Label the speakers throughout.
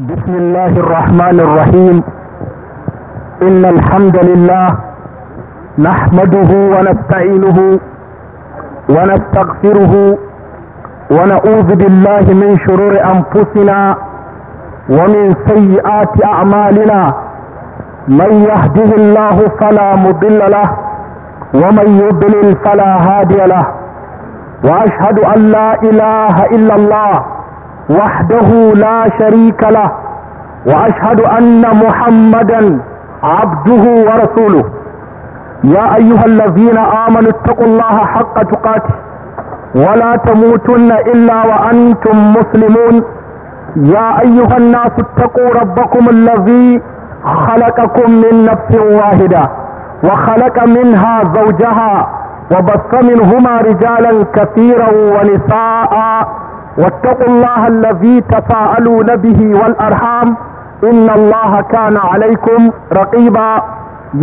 Speaker 1: بسم الله الرحمن الرحيم إن الحمد لله نحمده ونستعينه ونستغفره ونعوذ بالله من شرور أنفسنا ومن سيئات أعمالنا من يهده الله فلا مضل له ومن يضلل فلا هادي له وأشهد أن لا إله إلا الله وحده لا شريك له واشهد ان محمدا عبده ورسوله يا ايها الذين امنوا اتقوا الله حق تقاته ولا تموتن الا وانتم مسلمون يا ايها الناس اتقوا ربكم الذي خلقكم من نفس واحده وخلق منها زوجها وبث منهما رجالا كثيرا ونساء واتقوا الله الذي تفاءلون به والارحام ان الله كان عليكم رقيبا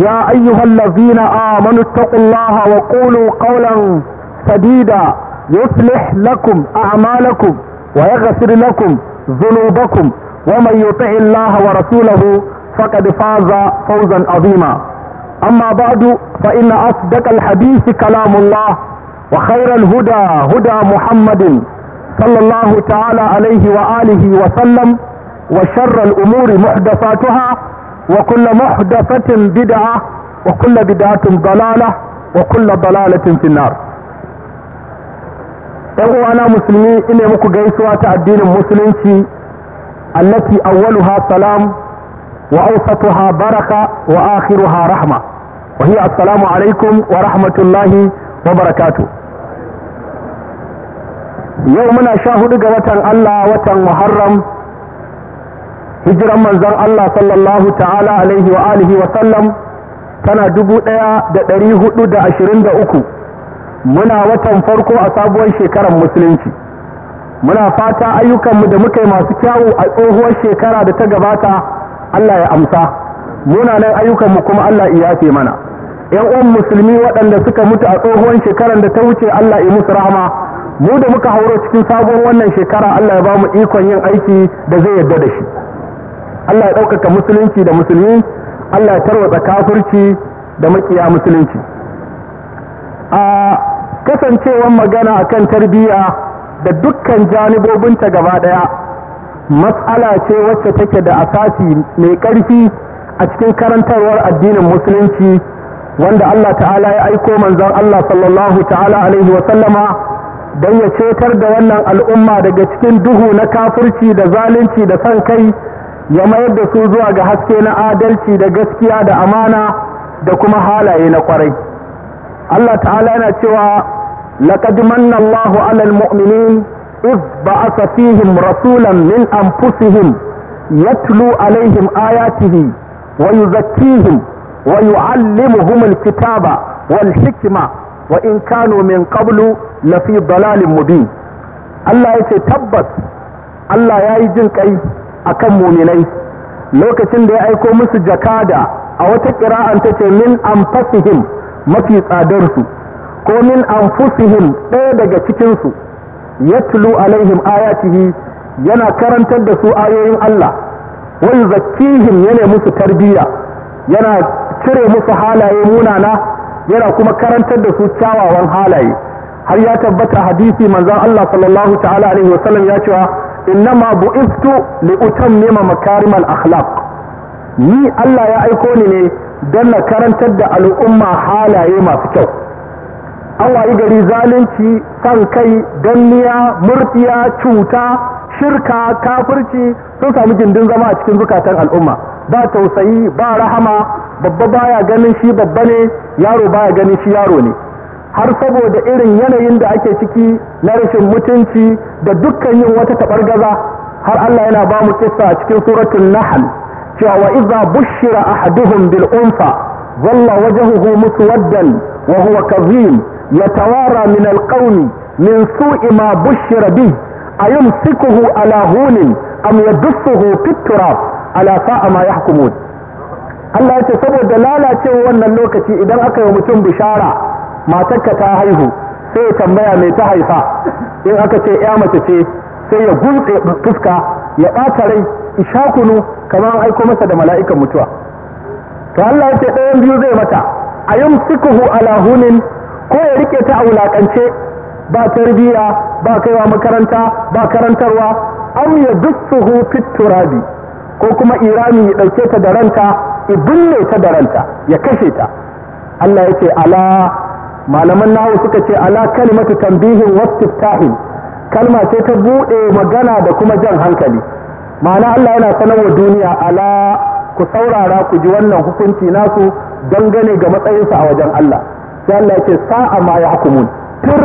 Speaker 1: يا ايها الذين امنوا اتقوا الله وقولوا قولا سديدا يصلح لكم اعمالكم ويغفر لكم ذنوبكم ومن يطع الله ورسوله فقد فاز فوزا عظيما اما بعد فان اصدق الحديث كلام الله وخير الهدى هدى محمد صلى الله تعالى عليه وآله وسلم وشر الأمور محدثاتها وكل محدثة بدعة وكل بدعة ضلالة وكل ضلالة في النار أنا مسلمي إني مكو جيسوة الدين في التي أولها سلام وأوسطها بركة وآخرها رحمة وهي السلام عليكم ورحمة الله وبركاته yau muna sha hudu ga watan Allah watan Muharram hijiran manzon Allah sallallahu ta'ala alaihi wa alihi wa sallam tana dubu ɗaya da ɗari hudu da ashirin da uku muna watan farko a sabuwar shekarar musulunci muna fata ayyukanmu da muka yi masu kyawu a tsohuwar shekara da ta gabata Allah ya amsa Muna nan ayyukanmu kuma Allah ce mana yan uwan musulmi waɗanda suka mutu a tsohuwar shekarar da ta wuce Allah ya musu rahama mu da muka hauro cikin sabon wannan shekara Allah ya ba mu ikon yin aiki da zai yarda da shi Allah ya ɗaukaka musulunci da musulmi Allah ya tarwatsa kafirci da makiya musulunci a kasancewar magana a kan tarbiyya da dukkan janibobinta gaba ɗaya matsala ce wacce take da asasi mai ƙarfi a cikin karantarwar addinin musulunci wanda Allah ta'ala ya aiko manzon Allah sallallahu ta'ala alaihi don ya cetar da wannan al'umma daga cikin duhu na kafirci da zalunci da san kai ya mayar da su zuwa ga haske na adalci da gaskiya da amana da kuma halaye na kwarai Allah ta'ala yana cewa laqad manna Allahu 'ala al mu'minin ba'atha fihim rasulan min anfusihim yatlu 'alayhim ayatihi wa yuzakkihim wa yu'allimuhum al-kitaba wal-hikma wa in kano min qablu lafi dalalin mubin Allah ya ce tabbas Allah ya yi jin kai kan muminai lokacin da ya aiko musu jakada a wata kira'an ta ce min anfasihim mafi tsadarsu ko min an anfusihim ɗaya daga cikinsu tulu alaihim ayatihi yana karantar da su ayoyin Allah wani zakihim yana musu tarbiyya yana cire musu halaye munana yana kuma karantar da su kyawawan halaye har ya tabbata hadisi manzon Allah sallallahu ta'ala alaihi wasallam ya cewa ma bu'istu li utammima makarimal akhlaq ni Allah ya aiko ni ne dan na karantar da al'umma halaye masu kyau an wayi gari zalunci kan kai danniya murtiya cuta shirka kafirci sun samu gindin zama a cikin zukatan al'umma ba tausayi ba rahama babba baya ganin shi babba ne yaro baya ganin shi yaro ne har saboda irin yanayin da ake ciki na rashin mutunci da dukkan yin wata taɓargaza har Allah yana ba mu kissa a cikin suratul nahl cewa wa idza bushira ahaduhum bil unfa walla wajhuhu muswaddan wa huwa kazim yatawara min al qawmi min su'i ma bushira bihi sikuhu ala hunin am yadussuhu fit turab ala sa'a ma yahkumun Allah ya ce saboda lalacewa wannan lokaci idan aka yi mutum bishara matarka ta haihu sai ya tambaya mai ta haifa in aka ce ya mace ce sai ya gulɗe fuska ya ɓata rai ishakunu kamar an aiko masa da mala'ikan mutuwa to Allah ya ce ɗayan biyu zai mata a sikuhu ala hunin ko ya rike ta a wulakance ba tarbiyya ba kaiwa makaranta ba karantarwa am ya dussuhu fit ko kuma irami ya ɗauke ta da ranta ibinne ta da ranta ya kashe ta Allah ya ce ala malaman nahu suka ce ala kalimatu tambihin wastiftahin kalma ce ta bude magana da kuma jan hankali ma'ana Allah yana sanarwa duniya ala ku saurara ku ji wannan hukunci nasu dangane ga matsayinsa a wajen Allah sai Allah ya ce sa'a ma ya hukumun tur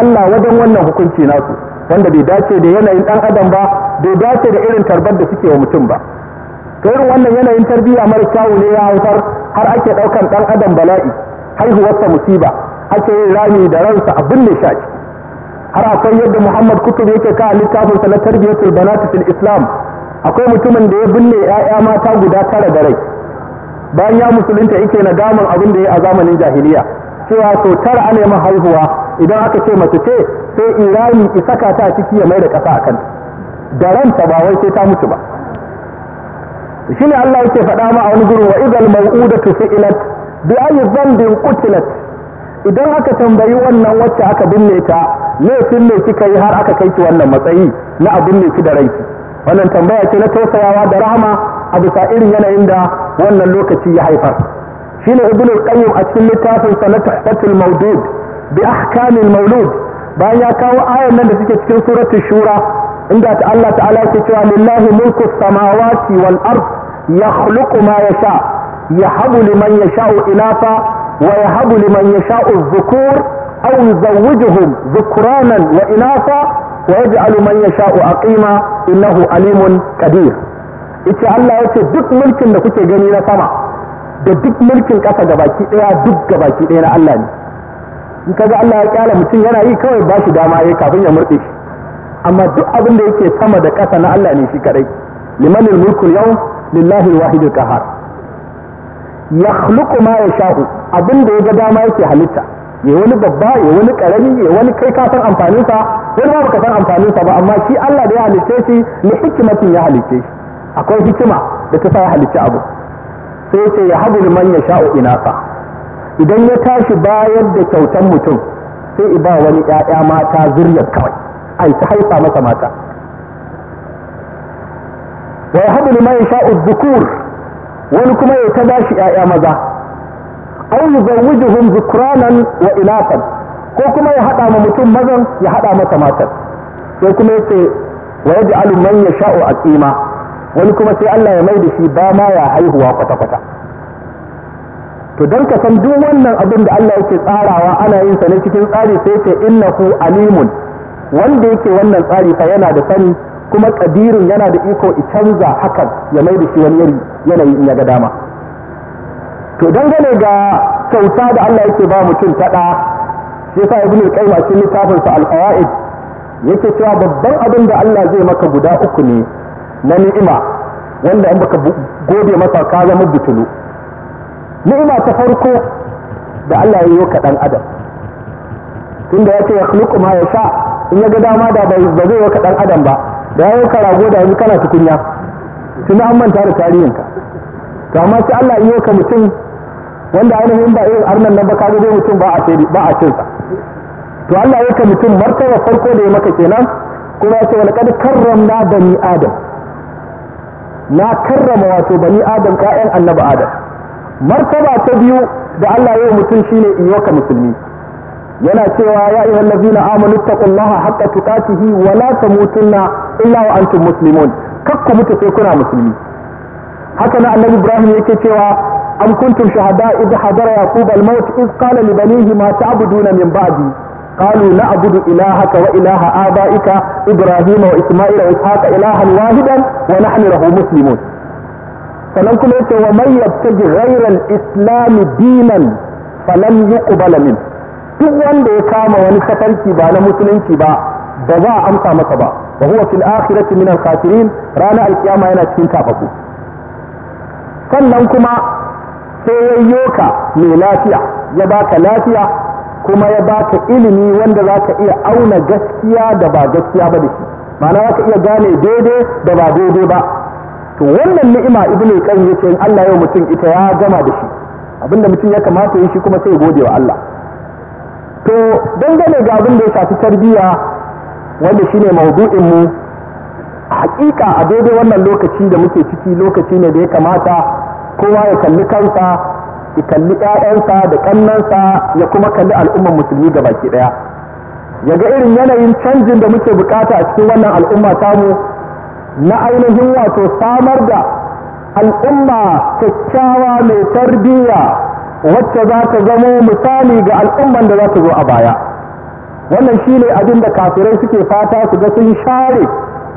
Speaker 1: Allah wajen wannan hukunci nasu wanda bai dace da yanayin dan adam ba bai dace da irin tarbar da suke wa mutum ba to irin wannan yanayin tarbiyya mara kyawu ne ya haifar har ake daukan dan adam bala'i haihuwarsa musiba ake yin rami da ransa abin ne shaki. har akwai yadda Muhammad Kutub yake ka littafinsa na tarbiyatul banat fil Islam akwai mutumin da ya binne 'ya'ya mata guda tara da rai bayan ya musulunta yake nadaman abin da ya a zamanin jahiliya cewa sau tara ana haihuwa idan aka ce mace ce sai irani ki saka ta ciki ya mai da ƙasa a kanta da ranta ba wai sai ta mutu ba shi ne Allah yake faɗa ma a wani gurin wa idal mau'udatu fi'ilat bi ayi dhanbin qutilat idan aka tambayi wannan wacce aka binne ta laifin ne kika yi har aka kai ki wannan matsayi na abin ne ki da ranki wannan tambaya ce na tausayawa da rahama a bisa irin yanayin da wannan lokaci ya haifar shine ibnu qayyim a cikin littafin sa na mawdud باحكام المولود بايا كاو آية من تتكين سورة الشورى عند الله تعالى تتوى لله ملك السماوات والأرض يخلق ما يشاء يحب لمن يشاء إناثا ويهب لمن يشاء الذكور أو يزوجهم ذكرانا وإناثا ويجعل من يشاء عقيما إنه أليم كبير إتي الله يتي دك ملك نكوتي جنينة سما دك ملك كفا جباكي إيا دك جباكي إيا الله in kaga Allah ya kyala mutum yana yi kawai ba shi dama yayi kafin ya murde shi amma duk abin da yake sama da ƙasa na Allah ne shi kadai limanil mulku yau lillahi alwahidul qahar khluqu ma yasha'u abin da ga dama yake halitta ya wani babba ya wani karami ya wani kai ka san amfanin sa wani ba ka san amfanin sa ba amma shi Allah da ya halitte shi ni hikimatin ya halitte shi akwai hikima da ta sa ya halicci abu sai ce ya habu liman yasha'u inasa idan ya tashi bayar da kyautan mutum sai iba wani ‘ya'ya mata zuriyar kawai ai ta haifa masa mata wa ya haɗu liman sha'u zukur wani kuma ya ta bashi ‘ya'ya maza au yuzawwijuhum zukranan wa inasan ko kuma ya haɗa ma mutum mazan ya haɗa masa matar sai kuma ya ce wa yaj'alu man a aqima wani kuma sai Allah ya mai da shi ba ma ya haihuwa kwata-kwata to dan ka san duk wannan abin da Allah yake tsarawa ana yin sa ne cikin tsari sai ce innahu alimun wanda yake wannan tsari fa yana da sani kuma kadirin yana da iko i canza hakan ya mai da shi wani yanayi in ya ga dama to dangane ga kyauta da Allah yake ba mutum ta da shi yasa ibnu al-qayyim a cikin littafin sa al qawaid yake cewa babban abin da Allah zai maka guda uku ne na ni'ima wanda in baka gode masa ka zama butulu ni'ima ta farko da Allah ya yi wa ɗan adam da ya ce ya khluqu ma sha in ya ga dama da ba zai wa ɗan adam ba da ya yi rago da yanzu kana tukunya tunda an manta da tarihinka to amma sai Allah ya wa mutum wanda ainihin ba irin arnan nan ba ka ga mutum ba a ba a cinsa to Allah ya ka mutum martaba farko da ya maka kenan kuma ya ce wal kad karramna bani adam na karrama wato bani adam ka'yan annaba adam martaba ta biyu da Allah ya mutum shine in musulmi yana cewa ya ayyuhal na amanu taqullaha haqqa tuqatihi wa la tamutunna illa wa antum muslimun kakku mutu sai kuna musulmi haka na annabi Ibrahim yake cewa am kuntum shahada idh hadara yaqub al maut idh qala li banihi ma ta'buduna min ba'di قالوا نعبد إلهك وإله آبائك إبراهيم وإسماعيل وإسحاق إلها واحدا ونحن له مسلمون sannan kuma yace wa man yattaji ghayral dinan falan yuqbala min duk wanda ya kama wani safarki ba na musulunci ba ba za a amsa masa ba wa huwa fil akhirati min al khasirin ranar alkiyama yana cikin kafaku sannan kuma sai ya yoka mai lafiya ya baka lafiya kuma ya baka ilimi wanda za ka iya auna gaskiya da ba gaskiya ba da shi ma'ana za ka iya gane daidai da ba daidai ba to wannan ni'ima ibnu qayyim yace in Allah yau mutum ita ya gama da shi abinda mutum ya kamata yi shi kuma sai gode wa Allah to dangane ga abin da ya shafi tarbiyya wanda shine maudu'in mu hakika a daidai wannan lokaci da muke ciki lokaci ne da ya kamata kowa ya kalli kansa ya kalli 'ya'yansa da kannansa ya kuma kalli al'ummar musulmi ki ɗaya ya ga irin yanayin canjin da muke bukata a cikin wannan al'umma tamu na ainihin wato samar da al'umma kyakkyawa mai tarbiyya wacce za ta zamo misali ga al'umman da za ta zo a baya wannan shi ne abin da kafirai suke fata su ga sun share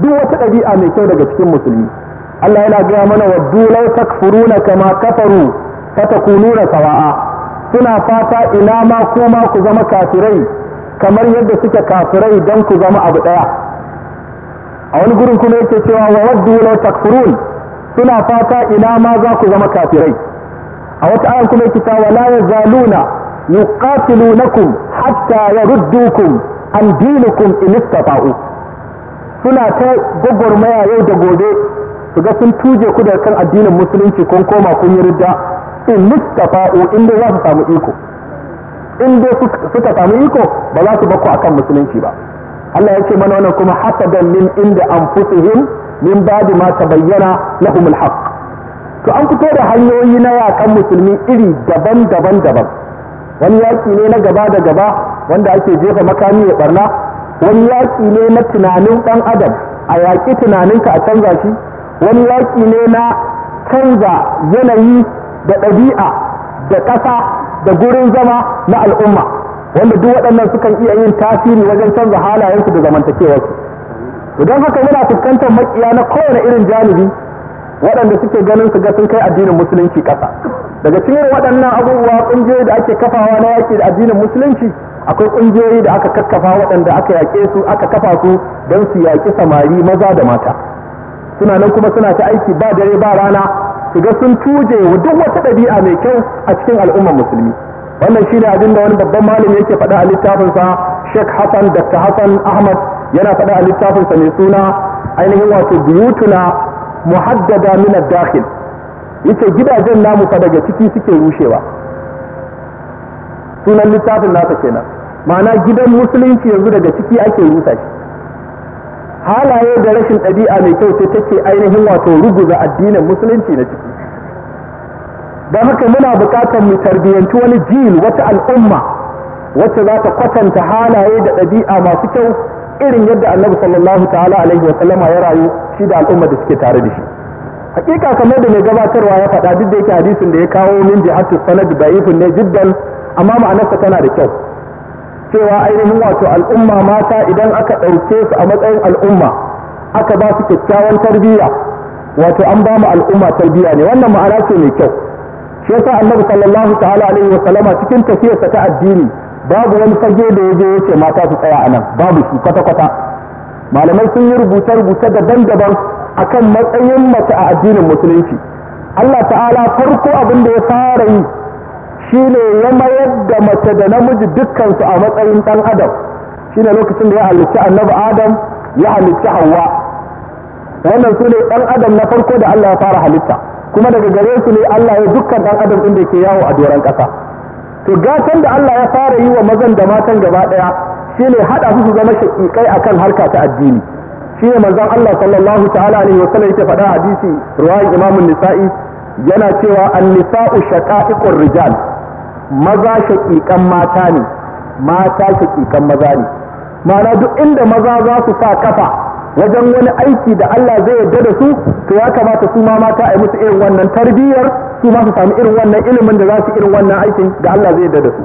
Speaker 1: duk wata ɗabi'a mai kyau daga cikin musulmi Allah yana gaya mana wa dulai takfuru na kama kafaru na sawa'a suna fata ina ma kuma ku zama kafirai kamar yadda suke kafirai don ku zama abu ɗaya a wani gurin kuma yake cewa wa waddu law takfurun suna fata ina ma za ku zama kafirai a wata ayan kuma yake cewa la yazaluna yuqatilunakum hatta yaruddukum an dinikum in istata'u suna ta gwagwarmaya yau da gobe su ga sun tuje ku da kan addinin musulunci kun koma kun yi ridda in istata'u in dai za su samu iko in dai suka samu iko ba za su bakku akan musulunci ba Allah ya ce mana wannan kuma hasadan min inda anfusihim min ba'di ma tabayyana lahum alhaq to an fito da hanyoyi na yakan musulmi iri daban-daban daban wani yaki ne na gaba da gaba wanda ake jefa makami ya barna wani yaki ne na tunanin dan adam a yaƙi tunaninka a canza shi wani yaki ne na canza yanayi da ɗabi'a da ƙasa da gurin zama na al'umma wanda duk waɗannan sukan iya yin tasiri wajen canza halayensu da zamantakewarsu to don haka yana fuskantar makiya na kowane irin janibi waɗanda suke ganin su ga sun kai addinin musulunci ƙasa daga cikin waɗannan abubuwa ƙungiyoyi da ake kafawa na yaƙi da addinin musulunci akwai ƙungiyoyi da aka kakkafa waɗanda aka yaƙe su aka kafa su don su yaƙi samari maza da mata suna nan kuma suna ta aiki ba dare ba rana su ga sun tuje duk wata ɗabi'a mai kyau a cikin al'ummar musulmi wannan shine abin da wani babban malami yake faɗa a littafinsa Sheikh Hassan Dr. Hassan Ahmad yana faɗa a littafinsa mai suna ainihin wato buyutuna muhaddada min ad-dakhil yace gidajen namu fa daga ciki suke rushewa sunan littafin nasa kenan ma'ana gidan musulunci yanzu daga ciki ake rusa shi halaye da rashin ɗabi'a mai kyau sai take ainihin wato ruguza addinin musulunci na ciki don haka muna bukatar mu tarbiyyanci wani jil wata al'umma wacce za ta kwatanta halaye da ɗabi'a masu kyau irin yadda annabi sallallahu ta'ala alaihi wa sallama ya rayu shi da al'umma da suke tare da shi hakika kamar da mai gabatarwa ya faɗa duk da yake hadisin da ya kawo min da jihatu sanad da'ifun ne jiddan amma ma'anarsa tana da kyau cewa ainihin wato al'umma mata idan aka ɗauke su a matsayin al'umma aka ba su kyakkyawan tarbiyya wato an ba mu al'umma tarbiyya ne wannan ma'ana ce mai kyau shi yasa annabi sallallahu ta'ala alaihi wa sallama cikin tafiyarsa ta addini babu wani fage da ya je ya ce mata su tsaya anan, babu shi kwata kwata malamai sun yi rubuce rubuce daban-daban akan matsayin mace a addinin musulunci Allah ta'ala farko abin da ya fara yi shine ya mayar da mace da namiji dukkansu a matsayin dan adam shine lokacin da ya halicci annabi adam ya halicci hawa wannan sune ne dan adam na farko da Allah ya fara halitta kuma daga gare su ne Allah ya dukkan dan adam inda ke yawo a doron ƙasa to gatan da Allah ya fara yi wa mazan da matan gaba ɗaya shine haɗa su su zama shaƙiƙai akan harka ta addini shine manzon Allah sallallahu ta'ala alaihi wa sallam yake faɗa hadisi ruwayin Imam Nisa'i yana cewa an-nisa'u shaqa'iqur rijal maza shaƙiƙan mata ne mata shaƙiƙan maza ne ma'ana duk inda maza za su sa kafa wajen wani aiki da Allah zai yarda da su to ya kamata su ma mata a yi musu irin wannan tarbiyyar su ma su sami irin wannan ilimin da za su irin wannan aikin da Allah zai yarda da su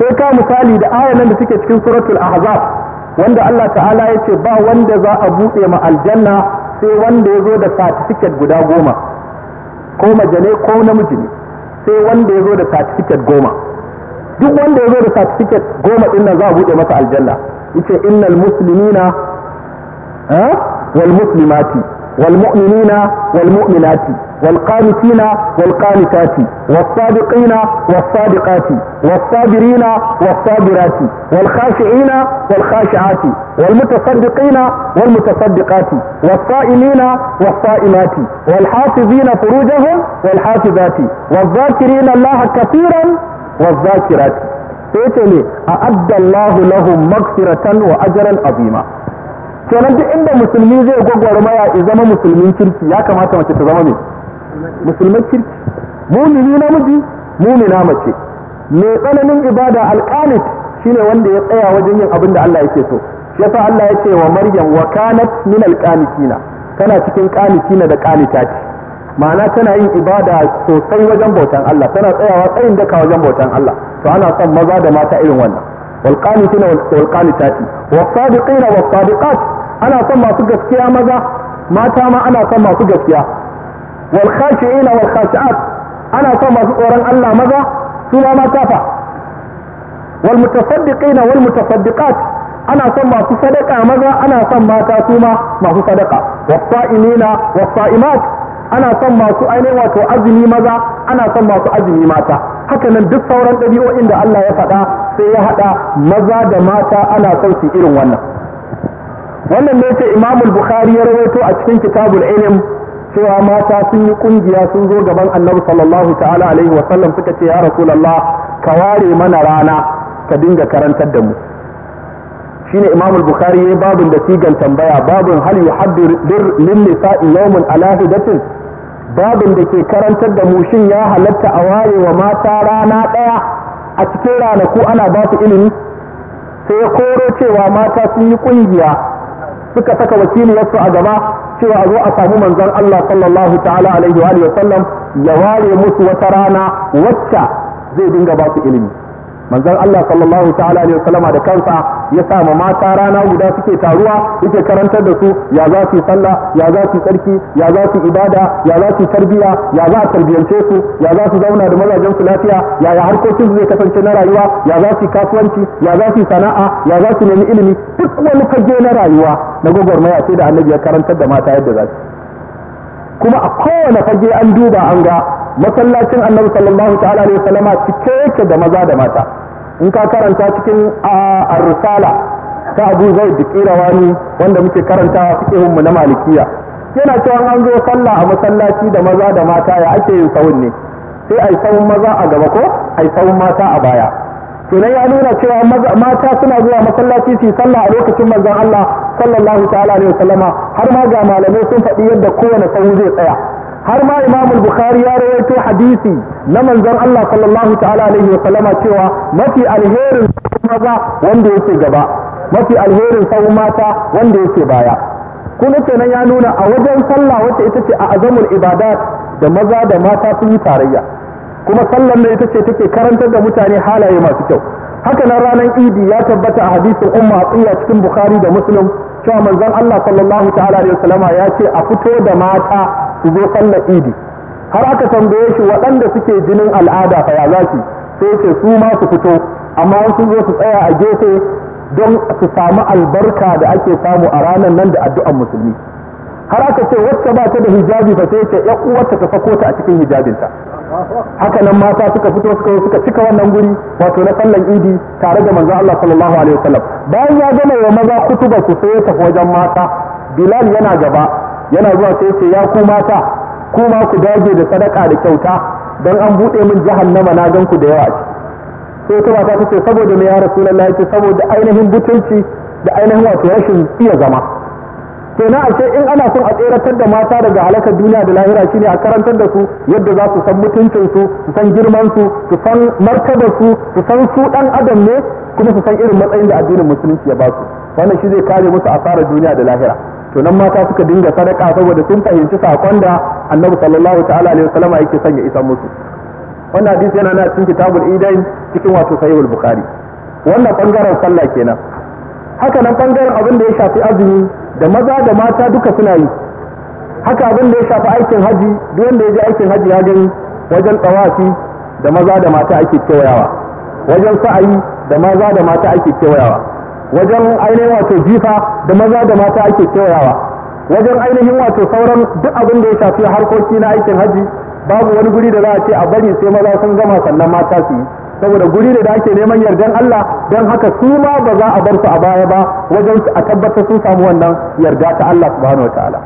Speaker 1: sai ka misali da ayan nan da take cikin suratul ahzab wanda Allah ta'ala ya ce ba wanda za a buɗe ma aljanna sai wanda ya zo da certificate guda goma ko majale ko namiji ne sai wanda ya zo da certificate goma duk wanda ya zo da certificate goma ɗin nan za a buɗe masa aljanna yace innal muslimina والمسلمات والمؤمنين والمؤمنات والقانتين والقانتات والصادقين والصادقات والصابرين والصابرات والخاشعين والخاشعات والمتصدقين والمتصدقات والصائمين والصائمات والحافظين فروجهم والحافظات والذاكرين الله كثيرا والذاكرات سيتني أعد الله لهم مغفرة وأجرا عظيما kenan duk inda musulmi zai gwagwara maya ya zama musulmin kirki ya kamata mace ta zama ne musulmin kirki mumini namiji mumina mace mai tsananin ibada alqanit shine wanda ya tsaya wajen yin abin da Allah yake so shi yasa Allah ya ce wa maryam wa kanat min alqanitina tana cikin qanitina da qanitati ma'ana tana yin ibada sosai wajen bautan Allah tana tsayawa tsayin daka wajen bautan Allah to ana son maza da mata irin wannan والقانتين والقانتات والصادقين والصادقات ana son masu gaskiya maza mata ma ana son masu gaskiya wal khashi'ina wal khashi'at ana son masu tsoron Allah maza su ma mata fa wal mutasaddiqina wal mutasaddiqat ana son masu sadaka maza ana son mata su ma masu sadaka wasa'imina wasa'imat ana son masu ainihin wato azumi maza ana son masu azumi mata haka nan duk sauran ɗabi'o'in da Allah ya faɗa sai ya haɗa maza da mata ana son su irin wannan wannan ne ce imamul bukhari ya rawaito a cikin kitabul ilm cewa mata sun yi kungiya sun zo gaban annabi sallallahu ta'ala alaihi wa sallam suka ce ya rasulullah ka ware mana rana ka dinga karantar da mu shine imamul bukhari yayi babin da sigan tambaya babin hal yuhaddir lin nisa'i yawmun ala babin da ke karantar da mu shin ya halatta a ware wa mata rana daya a cikin ranaku ana ba su ilimi sai ya koro cewa mata sun yi kungiya suka saka wakiliyarsu a gaba cewa a zo a samu manzon Allah sallallahu ta'ala alaihi wa sallam ya ware musu wata rana wacce zai dinga ba su ilimi manzon Allah sallallahu ta'ala alaihi wasallama da kansa ya samu ma mata rana guda suke taruwa yake karantar da su ya za su sallah ya za su tsarki ya za su ibada ya za su tarbiya ya za a tarbiyance su ya za su zauna da mazajen su lafiya ya ya harkokin su zai kasance na rayuwa ya za su kasuwanci ya za su sana'a ya za su nemi ilimi duk wani fage na rayuwa na gwagwarmaya sai da annabi ya karantar da mata yadda za su kuma a kowane fage an duba an ga masallacin annabi sallallahu ta'ala alaihi wasallama cike yake da maza da mata in ka karanta cikin ar-risala ta Abu Zaid Qirawani wanda muke karantawa fiqhun mu na malikiya yana cewa an zo sallah a masallaci da maza da mata ya ake yin sawun ne sai ai sawun maza a gaba ko ai sawun mata a baya kenan ya nuna cewa mata suna zuwa masallaci su sallah a lokacin manzon Allah sallallahu ta'ala alaihi wasallama har ma ga malamai sun faɗi yadda kowane sawu zai tsaya har ma imam bukhari ya rawaito hadisi na manzon Allah sallallahu ta'ala alaihi wa sallama cewa mafi alherin maza wanda yake gaba mafi alherin sau mata wanda yake baya kuma kenan ya nuna a wajen sallah wacce ita ce a azamul ibadat da maza da mata sun yi tarayya kuma sallar ne ita ce take karantar da mutane halaye masu kyau haka nan ranar idi ya tabbata a hadisin umma atiya cikin bukhari da muslim cewa manzon Allah sallallahu ta'ala alaihi wa sallama ya ce a fito da mata su zo sallar idi har aka tambaye shi waɗanda suke jinin al'ada fa ya zaki sai ce su ma su fito amma sun zo su tsaya a gefe don su samu albarka da ake samu a ranar nan da addu'an musulmi har aka ce wacce ba ta da hijabi ba sai ce ƴan uwarta ta sako ta a cikin hijabinta haka nan mata suka fito suka suka cika wannan guri wato na sallan idi tare da manzo Allah sallallahu alaihi wasallam bayan ya gama wa maza kutuba su sai ya tafi wajen mata Bilal yana gaba yana zuwa sai ce ya ku mata ku ma ku dage da sadaka da kyauta dan an bude min jahannama na gan ku da yawa ce, sai ta mata ta ce saboda me ya rasulullahi ce saboda ainihin butunci da ainihin wato rashin iya zama to na ashe in ana son a tseratar da mata daga halakar duniya da lahira shine a karantar da su yadda za su san mutuncin su su san girman su su san martabar su su san su dan adam ne kuma su san irin matsayin da addinin musulunci ya ba su wannan shi zai kare musu asarar duniya da lahira to nan mata suka dinga sadaka saboda sun fahimci sakon da annabi sallallahu ta'ala alaihi wasallam yake sanya isa musu wannan hadisi yana na cikin kitabul idain cikin wato sahihul bukhari wannan bangaren sallah kenan haka nan bangaren abin da ya shafi azumi da maza da mata duka suna yi haka abin da ya shafi aikin haji duk wanda ya je aikin haji ya gani wajen tsawafi da maza da mata ake kewayawa wajen sa'ayi da maza da mata ake kewayawa wajen ainihin wato jifa da maza da mata ake kewayawa wajen ainihin wato sauran duk abin da ya shafi harkoki na aikin haji babu wani guri da za a ce a bari sai maza sun gama sannan mata su yi saboda guri da ake neman yardan Allah don haka su ma ba za a bar su a baya ba wajen a tabbatar sun samu wannan yarda ta Allah subhanahu wataala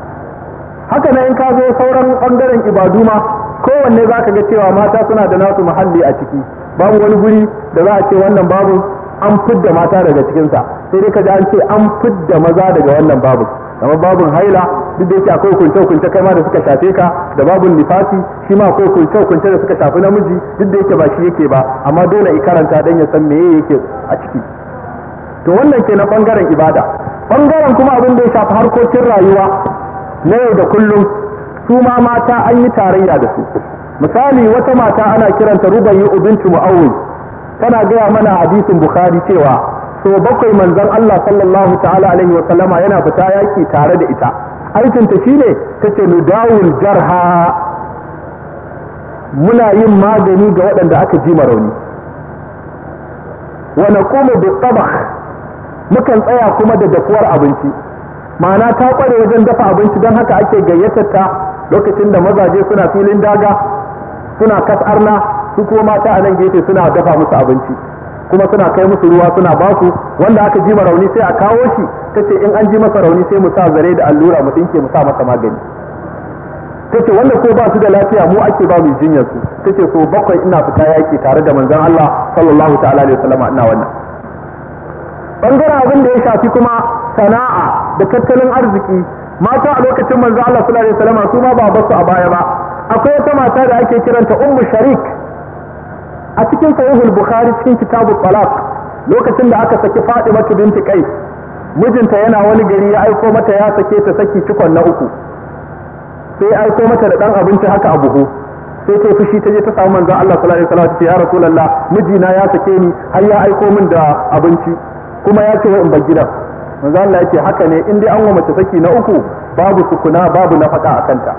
Speaker 1: haka na in ka zo sauran bangaren ibadu ma kowanne za ka ga cewa mata suna da nasu muhalli a ciki babu wani guri da za a ce wannan babu an fidda mata daga cikinsa sai dai ka ji an ce an fidda maza daga wannan babu amma babun haila duk da yake akwai kunce kunce kai ma da suka shafe ka da babun nifasi shi ma akwai kunce kunce da suka shafi namiji duk da yake ba shi yake ba amma dole i karanta dan ya san meye yake a ciki to wannan ke na bangaren ibada bangaren kuma abin da ya shafi harkokin rayuwa na yau da kullum su ma mata an yi tarayya da su misali wata mata ana kiranta rubayi ubintu mu'awwin tana gaya mana hadisin bukhari cewa so bakwai manzon Allah sallallahu ta'ala alaihi wa sallama yana fita yaki tare da ita aikin ta shine tace nudawul jarha muna yin magani ga waɗanda aka ji rauni wa naqumu bi tabakh mukan tsaya kuma da dafuwar abinci ma'ana ta kware wajen dafa abinci don haka ake gayyatar ta lokacin da mazaje suna filin daga suna kasarna su ko mata a nan gefe suna dafa musu abinci kuma suna kai musu ruwa suna ba su wanda aka ji rauni sai a kawo shi ta ce in an ji masa rauni sai mu sa zare da allura mu ɗinke mu sa masa magani ta ce wanda ko ba su da lafiya mu ake ba mu jinyar su ta ce so bakwai ina fita yaki tare da manzan Allah sallallahu ta'ala alaihi ina wannan bangaren abin da ya shafi kuma sana'a da tattalin arziki mata a lokacin manzan Allah sallallahu alaihi su ma ba basu a baya ba akwai wata mata da ake kiranta ummu sharik a cikin sahihul bukhari cikin kitabu talaq lokacin da aka saki fatima binti kai mijinta yana wani gari ya aiko mata ya sake ta saki cikon na uku sai aiko mata da dan abinci haka a buhu sai ta fushi ta je ta samu manzon Allah sallallahu alaihi wasallam ya rasulullah mijina ya sake ni har ya aiko min da abinci kuma ya ce in bar gidan manzon Allah haka ne in dai an wa mace saki na uku babu sukuna babu nafaka a kanta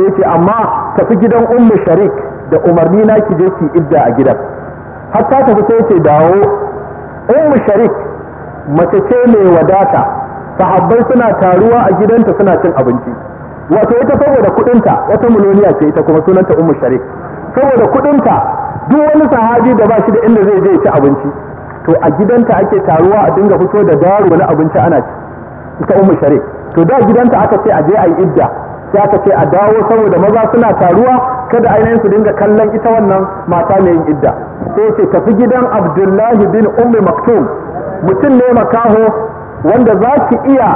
Speaker 1: sai ce amma tafi gidan ummu sharik da umarni na ki je ki idda a gidan har ta tafi sai ce dawo ummu sharik mace ce mai wadata sahabbai suna taruwa a gidanta suna cin abinci wato ita saboda kudinta wata miloniya ce ita kuma sunanta ummu sharik saboda kudinta duk wani sahabi da ba shi da inda zai je ya ci abinci to a gidanta ake taruwa a dinga fito da daro na abinci ana ci ita ummu sharik to da gidanta aka ce a je a yi idda sai aka ce a dawo saboda maza suna taruwa kada ainihin su dinga kallon ita wannan mata mai yin idda sai ce tafi gidan abdullahi bin ummi maktum mutum ne makaho wanda za ki iya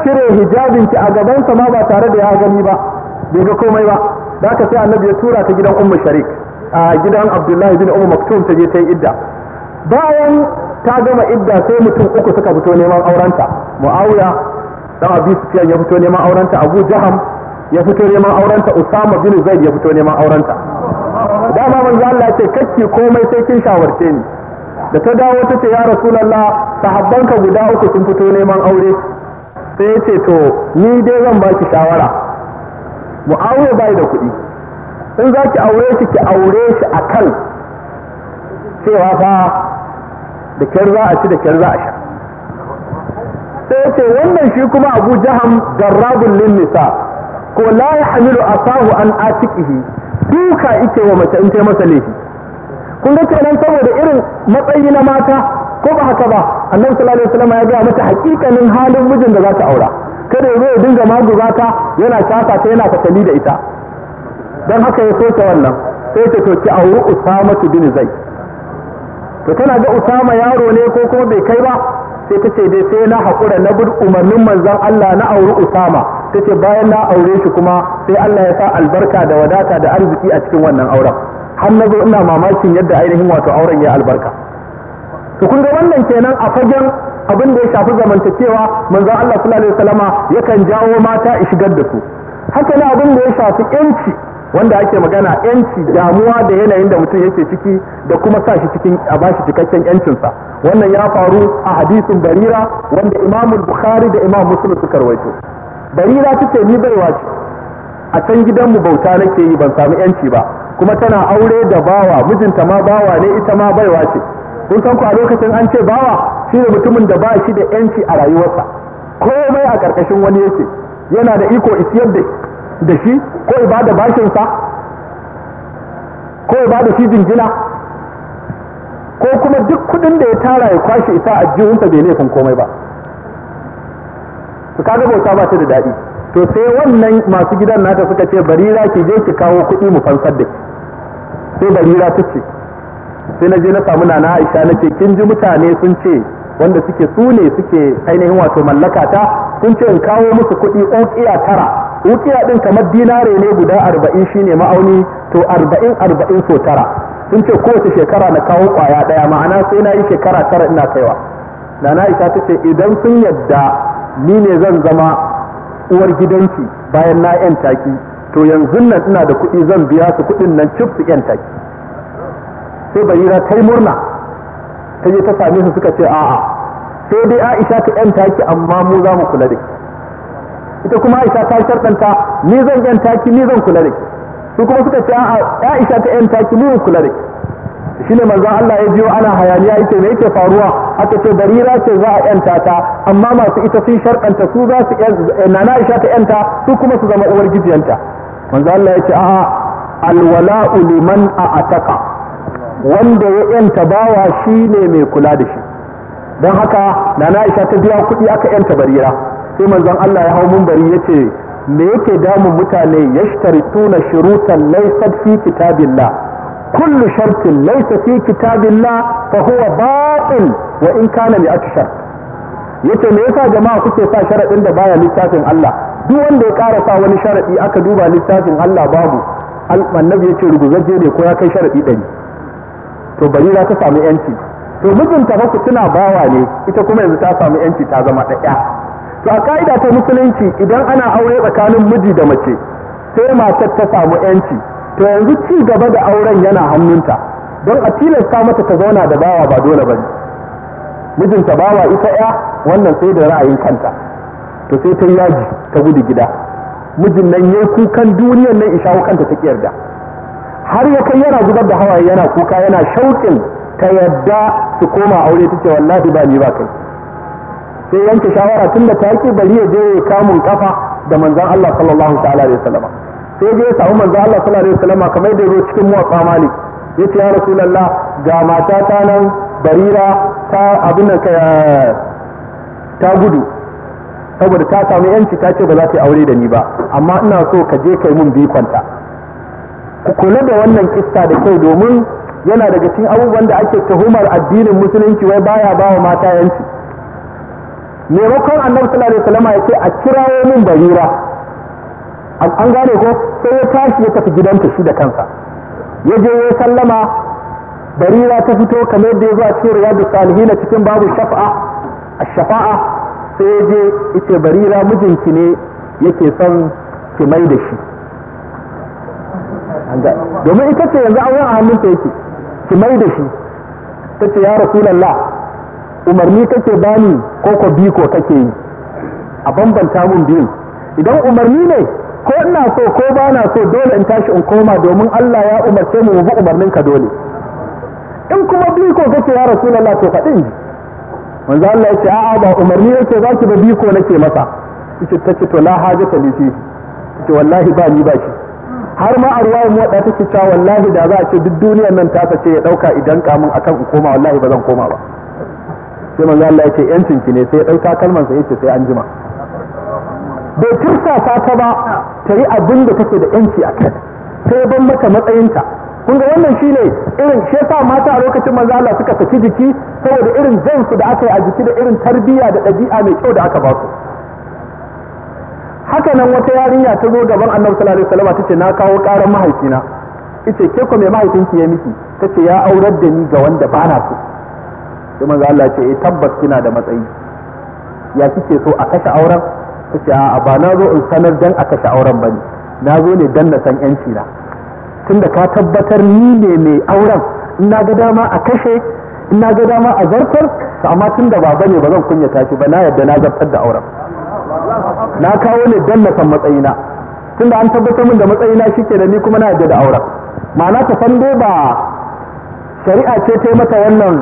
Speaker 1: cire ki a gabansa ma ba tare da ya gani ba bai ga komai ba da aka sai annabi ya tura ta gidan ummu sharik a gidan abdullahi bin ummu maktum ta je ta yi idda bayan ta gama idda sai mutum uku suka fito neman aurenta muawiya dan abisu sufyan ya fito neman aurenta abu jaham ya fito neman aurenta Usama bin Zaid ya fito neman aurenta dama manzo Allah ce kake komai sai kin shawarce ni da ta dawo ta ce ya Rasulullah sahabbanka guda uku sun fito neman aure sai ya ce to ni dai zan baki shawara mu'awiya bai da kuɗi in zaki ki aure shi ki aure shi akan cewa fa da kyar za a ci da kyar za a sha sai ya wannan shi kuma abu jaham garrabun nisa ko la a sahu an atiqihi duka ike wa mace in ta masa laifi kun ga kenan saboda irin matsayi na mata ko ba haka ba annabi sallallahu alaihi wasallam ya ga mata hakikanin halin mijin da za ta aura kada ya zo ya dinga maguza ta yana shafa ta yana fatali da ita don haka ya soke wannan sai ta toki auri usama tu bin zai to tana ga usama yaro ne ko kuma bai kai ba sai ta ce dai sai na hakura na bud umarnin manzon Allah na auri usama take bayan na aure shi kuma sai Allah ya sa albarka da wadata da arziki a cikin wannan auren har na zo ina mamakin yadda ainihin wato auren ya albarka to kun ga wannan kenan a fagen abin da ya shafi zamantakewa manzo Allah sallallahu alaihi wasallama yakan jawo mata shigar da su haka ne abin da ya shafi yanci wanda ake magana yanci damuwa da yanayin da mutum yake ciki da kuma sa shi cikin a bashi cikakken yancinsa wannan ya faru a hadisin barira wanda imamul bukhari da imam muslim suka rawaito barira ta ce ni baiwa ce a can gidanmu bauta nake yi ban samu yanci ba kuma tana aure da bawa mijinta ma bawa ne ita ma baiwa ce kun san ku a lokacin an ce bawa ne mutumin da ba shi da yanci a rayuwarsa komai a karkashin wani yake yana da iko isiyar da shi ko ibada bashinsa ko ibada shi jingina ko kuma duk kudin da ya tara ya kwashe isa a jihunsa bai laifin komai ba su kaga bauta ba ta da daɗi to sai wannan masu gidan nata suka ce barira ki je ki kawo kuɗi mu fansar da ki sai barira ta ce sai na je na samu nana Aisha na ce kin ji mutane sun ce wanda suke sune suke ainihin wato mallaka ta sun ce in kawo musu kuɗi ukiya tara ukiya din kamar dinare ne guda arba'in shine ma'auni to arba'in arba'in so tara sun ce kowace shekara na kawo kwaya ɗaya ma'ana sai na yi shekara tara ina kaiwa nana Aisha ta ce idan sun yadda ni ne zan zama uwar gidanki bayan na yan taki to yanzu nan ina da kuɗi zan biya su kuɗin nan cif su yan taki sai barira ta yi murna ta je ta same su suka ce a'a sai dai aisha ta yan taki amma mu za mu kula da ita kuma aisha ta sharɗanta ni zan yan taki ni zan kula da su kuma suka ce a'a aisha ta yan taki mu kula da ki shine manzon Allah ya jiyo ana hayaniya yake me yake faruwa aka ce barira ce za a yanta ta amma masu ita sun sharkanta su za su eh, na isha ta yanta su kuma su zama uwar gijiyanta manzon Allah ya ce alwala alwala'u liman ataka wanda ya yanta bawa shine mai kula da shi don haka na na isha ta biya kuɗi aka yanta barira sai manzon Allah ya hau ya ce me yake damun mutane ya yashtarituna shurutan laysat fi kitabillah كل شرط ليس في كتاب الله فهو باطل وإن كان مئة yace me yasa jama'a kuke sa sharaɗin da baya littafin Allah duk wanda ya ƙara sa wani sharaɗi aka duba littafin Allah babu annabi yace rugugajje ne ko ya kai sharaɗi ɗari to bari za ka samu yanci to mijinta fa ku tuna bawa ne ita kuma yanzu ta samu yanci ta zama ɗaya to a ka'ida ta musulunci idan ana aure tsakanin miji da mace sai matar ta samu yanci to yanzu ci gaba da auren yana hannunta don a tilasta mata ta zauna da bawa ba dole ba ne mijinta bawa ita ya wannan sai da ra'ayin kanta to sai ta yaji ta gudu gida mijin nan ya kukan duniyar nan ishawo kanta ta yarda har ya kai yana zubar da hawaye yana kuka yana shauƙin ta yadda su koma aure ta ce wallahi ba ni ba kai sai yanke shawara tunda ta ki bari ya je kamun kafa da manzon Allah sallallahu alaihi wasallam sai je sa samu da Allah sallallahu alaihi wasallam kamar da yaro cikin muwaffa mali yace ya rasulullah ga mata ta nan barira ta abin nan ta gudu saboda ta samu yanci ta ce ba za ta yi aure da ni ba amma ina so ka je kai mun bikonta ku kula da wannan kista da kyau domin yana daga cikin abubuwan da ake tuhumar addinin musulunci wai baya ba wa mata yanci maimakon annabi sallallahu alaihi wasallam ya ce a kirawo min barira an gane ko sai ya tashi ya tafi gidanta shi da kansa ya je ya sallama barira ta fito kamar yadda ya zuwa cikin riyadu salihina cikin babu shafa'a a shafa'a sai ya je ita barira mijinki ne yake son ki mai da shi domin ita ce yanzu auren a hannunta yake ki mai da shi ta ce ya rasulallah umarni kake bani ko ko biko kake yi a bambanta mun biyu idan umarni ne ko ina so ko ba na so dole in tashi in koma domin Allah ya umarce mu bi umarnin ka dole in kuma biko kake ya rasulullah to fa din manzo Allah ya ce a'a ba umarni yake zaki ki ba biko nake masa yace tace to la hajata li shi to wallahi ba ni ba shi har ma arwayin mu da take cewa wallahi da za a ce duk duniyar nan ta sace ya dauka idan kamun akan in koma wallahi ba zan koma ba sai manzo Allah ya ce yancin ki ne sai ya dauka kalmar sa yace sai an jima bai tursasa ta ba ta yi abin da take da yanci a kai sai ban mata matsayinta kun ga wannan shine irin shi yasa mata a lokacin manzo Allah suka saki jiki saboda irin jansu da aka yi a jiki da irin tarbiyya da ɗabi'a mai kyau da aka ba su haka nan wata yarinya ta zo gaban Annabi sallallahu alaihi wasallam tace na kawo karan mahaifina ita ke ko me mahaifinki ya miki tace ya aurar da ni ga wanda ba na so sai manzo ya ce eh, tabbas kina da matsayi ya kike so a kashe auren kace a'a ba na zo in sanar dan a kashe auren bane na zo ne dan na san yanci na tunda ka tabbatar ni ne mai auren in na ga dama a kashe in ga dama a zartar amma tunda ba ne ba zan kunya shi ba na yadda na zartar da auren na kawo ne dan na san matsayina tunda an tabbatar min da matsayina shike da ni kuma na yadda da auren ma'ana ta san dai ba shari'a ce ta yi mata wannan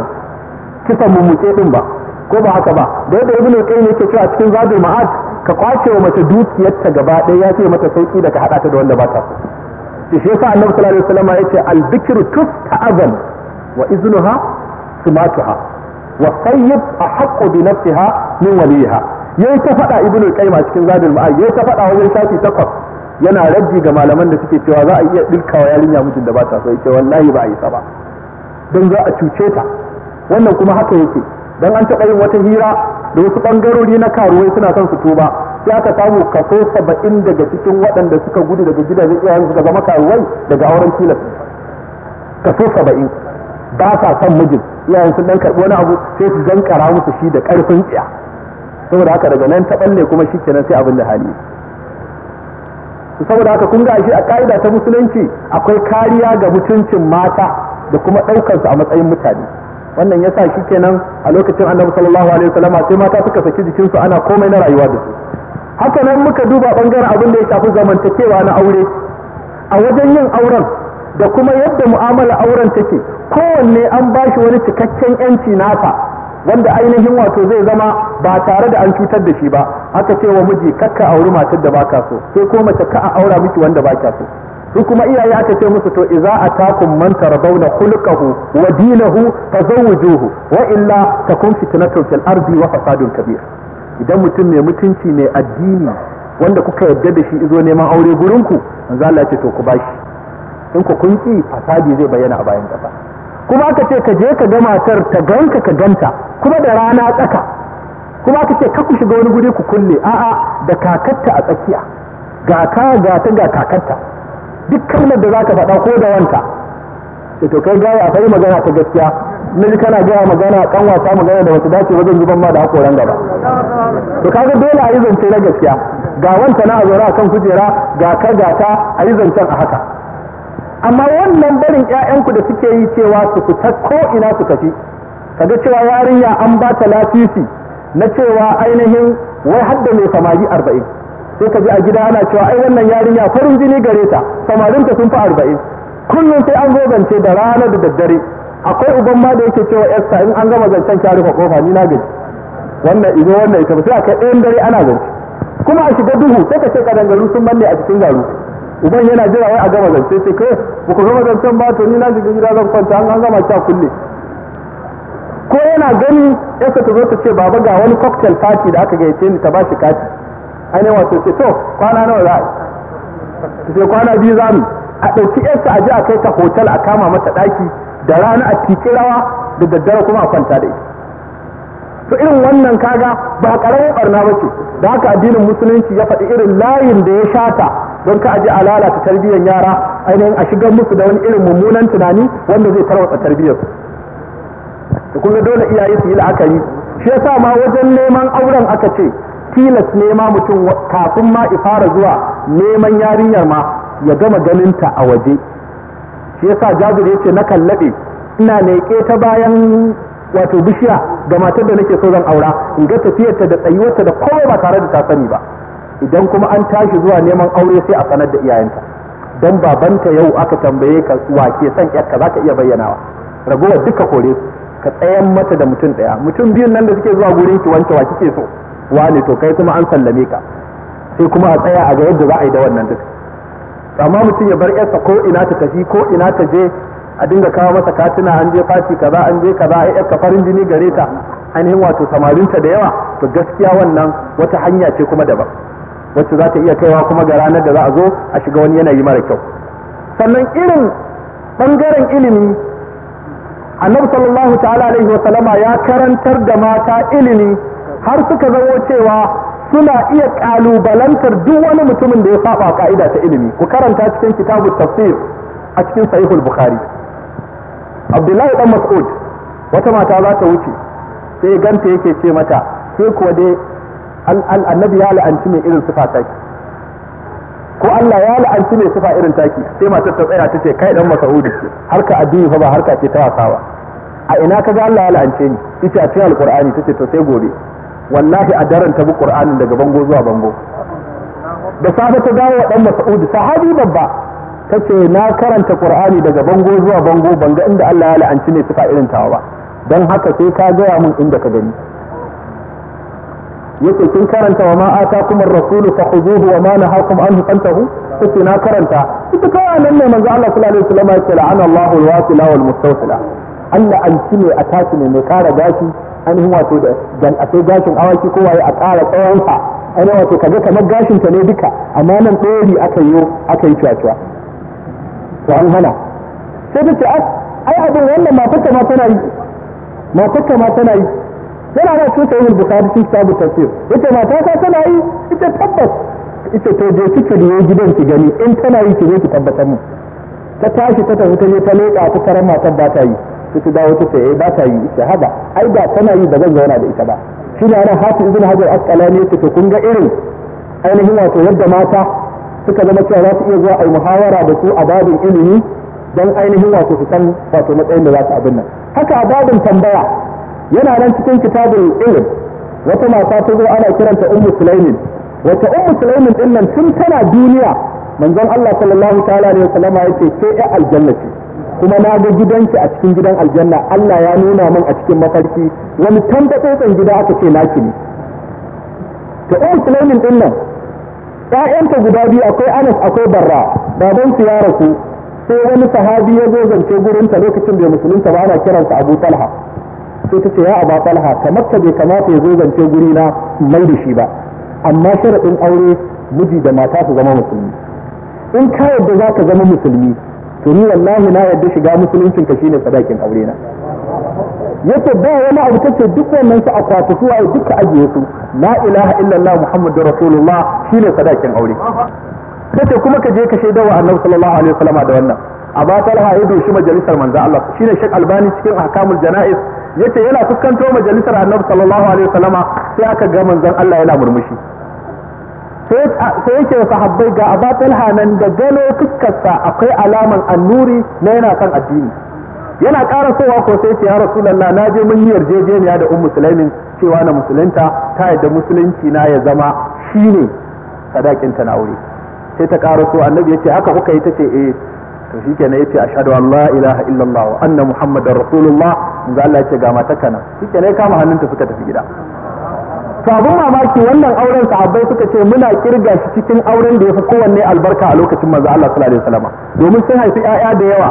Speaker 1: kisan mummuke din ba ko ba haka ba da yadda ibnu qayyim yake cewa cikin zabi ma'ad ka kwace wa mace dukiyarta gaba ɗaya ya ce mata sauki da ka hada ta da wanda ba ta so shi yasa annabi sallallahu alaihi wasallam yace al bikru tusta'zan wa iznuha sumatuha wa tayyib ahqqu bi nafsiha min waliha yayi ta fada ibnu qayyim a cikin zabi ma'ad yayi ta fada wajen shafi takwas yana raddi ga malaman da suke cewa za a iya dilkawa yarinya mijin da ba ta so yake wallahi ba a yi sa ba don za a cuce ta wannan kuma haka yake dan an taɓa yin wata hira da wasu ɓangarori na karuwai suna son su tuba sai aka samu kaso saba'in daga cikin waɗanda suka gudu daga gidajen iyayen suka zama karuwai daga auren tilas kaso saba'in ba sa son mijin iyayen sun dan karɓi wani abu sai su zankara musu shi da ƙarfin tsiya saboda haka daga nan ta ɓalle kuma shi kenan sai abin da hali saboda haka kun gashi a ka'ida ta musulunci akwai kariya ga mutuncin mata da kuma ɗaukarsu a matsayin mutane wannan yasa shikenan a lokacin annabi sallallahu alaihi wasallam sai mata suka saki jikin su ana komai na rayuwa da su haka nan muka duba bangaren abin da ya shafi zamantakewa na aure a wajen yin auren da kuma yadda mu'amala auren take kowanne an ba shi wani cikakken yanci nasa wanda ainihin wato zai zama ba tare da an cutar da shi ba aka ce wa miji kakka auri matar da baka so sai ko mace ka a aura miki wanda baka so su kuma iyaye aka ce musu to idza atakum man tarbawna khulqahu wa dinahu fazawwijuhu wa illa takun fitnatu fil ardi wa fasadun kabir idan mutum mai mutunci mai addini wanda kuka yarda da shi izo neman aure gurin ku manzo Allah ce to ku bashi in ku kun ki fasadi zai bayyana a bayan kasa kuma aka ce ka je ka ga matar ta ganka ka ganta kuma da rana tsaka kuma aka ce ka ku shiga wani guri ku kulle a'a da kakarta a tsakiya ga ka ga ta ga kakatta duk kalmar da ka faɗa ko da wanka sai eh, to kai gaya akwai magana ta gaskiya mili kana gaya magana kan wasa magana da wasu dace wajen zuban ma da hakoran gaba to kaga dole a yi zance na gaskiya ga wanta na azora kan kujera ga ka ga ta a yi zancen a haka amma wannan barin ƴaƴanku da suke yi cewa su fita ko ina su tafi kaga cewa yarinya an ba ta lafifi na cewa ainihin wai hadda mai samari arba'in sai ka ji a gida ana cewa ai wannan yarinya farin jini gare ta samarinta sun fi arba'in kullum sai an zo zance da rana da daddare akwai uban ma da yake cewa yarsa in an gama zancen ta rufe kofa ni na gaji wannan ido wannan ita sai aka ɗayan dare ana zance kuma a shiga duhu sai ka ce kadangaru sun manne a cikin garu uban yana jira wai a gama zance sai kai ba ku gama zancen ba to ni na shiga gida zan kwanta an gama ta kulle ko yana gani yarsa ta zo ta ce baba ga wani cocktail party da aka gayyace ni ta ba shi kati ainihin wato ce to kwana nawa za a ce kwana biyu za mu a ɗauki yarsa a ji a kai ta hotel a kama mata ɗaki da rana a tike rawa da daddare kuma a kwanta da ita to irin wannan kaga ba karamin barna ba ce da haka addinin musulunci ya faɗi irin layin da ya shata don ka aji a lalata tarbiyyar yara ainihin a shigar musu da wani irin mummunan tunani wanda zai tarwatsa tarbiyyar su kuma dole iyaye su yi la'akari shi yasa ma wajen neman auren aka ce tilas nema mutum kafin ma fara zuwa neman yarinyar ma ya gama ganinta a waje shi yasa jabir yace na kallabe ina leƙe ta bayan wato bishiya ga matar da nake so zan aura in ga tafiyarta da tsayuwarta da kowa ba tare da ta sani ba idan kuma an tashi zuwa neman aure sai a sanar da iyayenta dan babanta yau aka tambaye ka wa ke son ka zaka iya bayyanawa ragowar duka kore ka tsayan mata da mutum daya mutum biyun nan da suke zuwa gurin ki wanke wa kike so wani to kai kuma an sallame ka sai kuma a tsaya a ga yadda za a yi da wannan duk amma mutum ya bar yarsa ko ina ta tafi ko ina ta je a dinga kawo masa katina an je fati kaza an je kaza ai yarka farin jini gare ta ainihin wato samarinta da yawa to gaskiya wannan wata hanya ce kuma daban wacce za ta iya kaiwa kuma ga ranar da za a zo a shiga wani yanayi mara kyau sannan irin bangaren ilimi annabi sallallahu ta'ala alaihi wa sallama ya karantar da mata ilimi har suka zamo cewa suna iya kalubalantar duk wani mutumin da ya saba ka'ida ta ilimi ku karanta cikin kitabu tafsir a cikin sahihul bukhari abdullahi dan mas'ud wata mata za ta wuce sai ganta yake ce mata sai kuwa dai annabi ya la'anci mai irin sifa taki ko Allah ya la'anci mai sifa irin taki sai matar ta tsaya ta ce kai dan mas'ud harka addini fa ba harka ce ta wasawa a ina ka ga Allah ya la'ance ni ita a alqur'ani tace to sai gobe wallahi a daren ta bi qur'anin daga bango zuwa bango da safe ta dawo wa dan mas'ud sahabi babba tace na karanta qur'ani daga bango zuwa bango banga inda Allah ya la'anci ne suka irin tawa ba dan haka sai ka gaya mun inda ka gani yace kin karanta wa ma atakum ar-rasulu fakhuduhu wa ma nahakum anhu fantahu kace na karanta ita kawai nan ne manzo Allah sallallahu alaihi wasallam ya ce la'ana Allahu al-wasila wal mustawsila Allah an ne a tashi ne mai kara gashi ainihin wato da dan akwai gashin awaki ko waye a ƙara tsawonsa. sa ainihin wato kaga kamar gashin ta ne duka amma nan ɗori aka yi aka yi cuwa to an hana sai ta ce ai abin wannan matarka ma tana yi matarka ma tana yi yana da su ta yi bukari sun sabu tafsir ita mata ta tana yi ita tabbas ita to je kike da gidan ki gani in tana yi ki ne ki tabbatar mu ta tashi ta tafi ta je ta leƙa ta karan matar ba ta yi sai ta dawo ta sai eh, ba ta yi shahada ai da tana yi ba zan zauna da ita ba shi ne ran hafi ibn hajar asqalani ta ta kun ga irin ainihin wato yadda mata suka zama cewa za su iya zuwa ai muhawara da su a babin ilimi dan ainihin wato su san wato matsayin da za su abin nan haka a babin tambaya yana nan cikin kitabul ilm wata mata ta zo ana kiranta ummu sulaimin wata ummu sulaimin din nan tun tana duniya manzon Allah sallallahu ta'ala alaihi wasallama ce ke ya aljanna ce kuma na ga gidanki a cikin gidan aljanna Allah ya nuna min a cikin mafarki wani tambatsotsin gida aka ce naki ne to ɗan sulaimin ɗin nan ƴaƴanta guda biyu akwai anas akwai barra baban su ya rasu sai wani sahabi ya zo zance gurin ta lokacin da musulunta ba ana kiransa abu talha sai ta ce ya aba talha kamar ta bai kamata ya zo zance guri na mai da shi ba amma sharaɗin aure miji da mata su zama musulmi in ka yadda za ka zama musulmi to ni wallahi na yadda shiga musuluncin ka shine sadakin aure na yace ba wani abu kace duk wannan su akwatu su ai duka ajiye su la ilaha illallah muhammadur rasulullah shine sadakin aure kace kuma ka je ka shaida wa annabi sallallahu alaihi wasallam da wannan aba talha ya doshi majalisar manzo Allah shine shek albani cikin ahkamul janaiz yace yana fuskanto majalisar annabi sallallahu alaihi wasallama sai aka ga manzon Allah yana murmushi sai yake wasu sahabbai ga a Talha nan da galo fuskarsa akwai alaman annuri na yana kan addini yana kara sowa ko sai ce ya lalla na je mun yi yarjejeniya da un musulmin cewa na musulunta ta yadda musulunci na ya zama shine sadakin ta na aure sai ta ƙara so annabi ya ce haka kuka yi ta ce eh to shikenan yace ashhadu ilaha illallah anna muhammadar rasulullah Allah ya ce ga mata kana shikenan ya kama hannunta suka tafi gida Sabin mamaki wannan auren sahabbai suka ce muna kirga shi cikin auren da ya fi kowanne albarka a lokacin manzo Allah sallallahu alaihi wasallam domin sun haifi ƴaƴa da yawa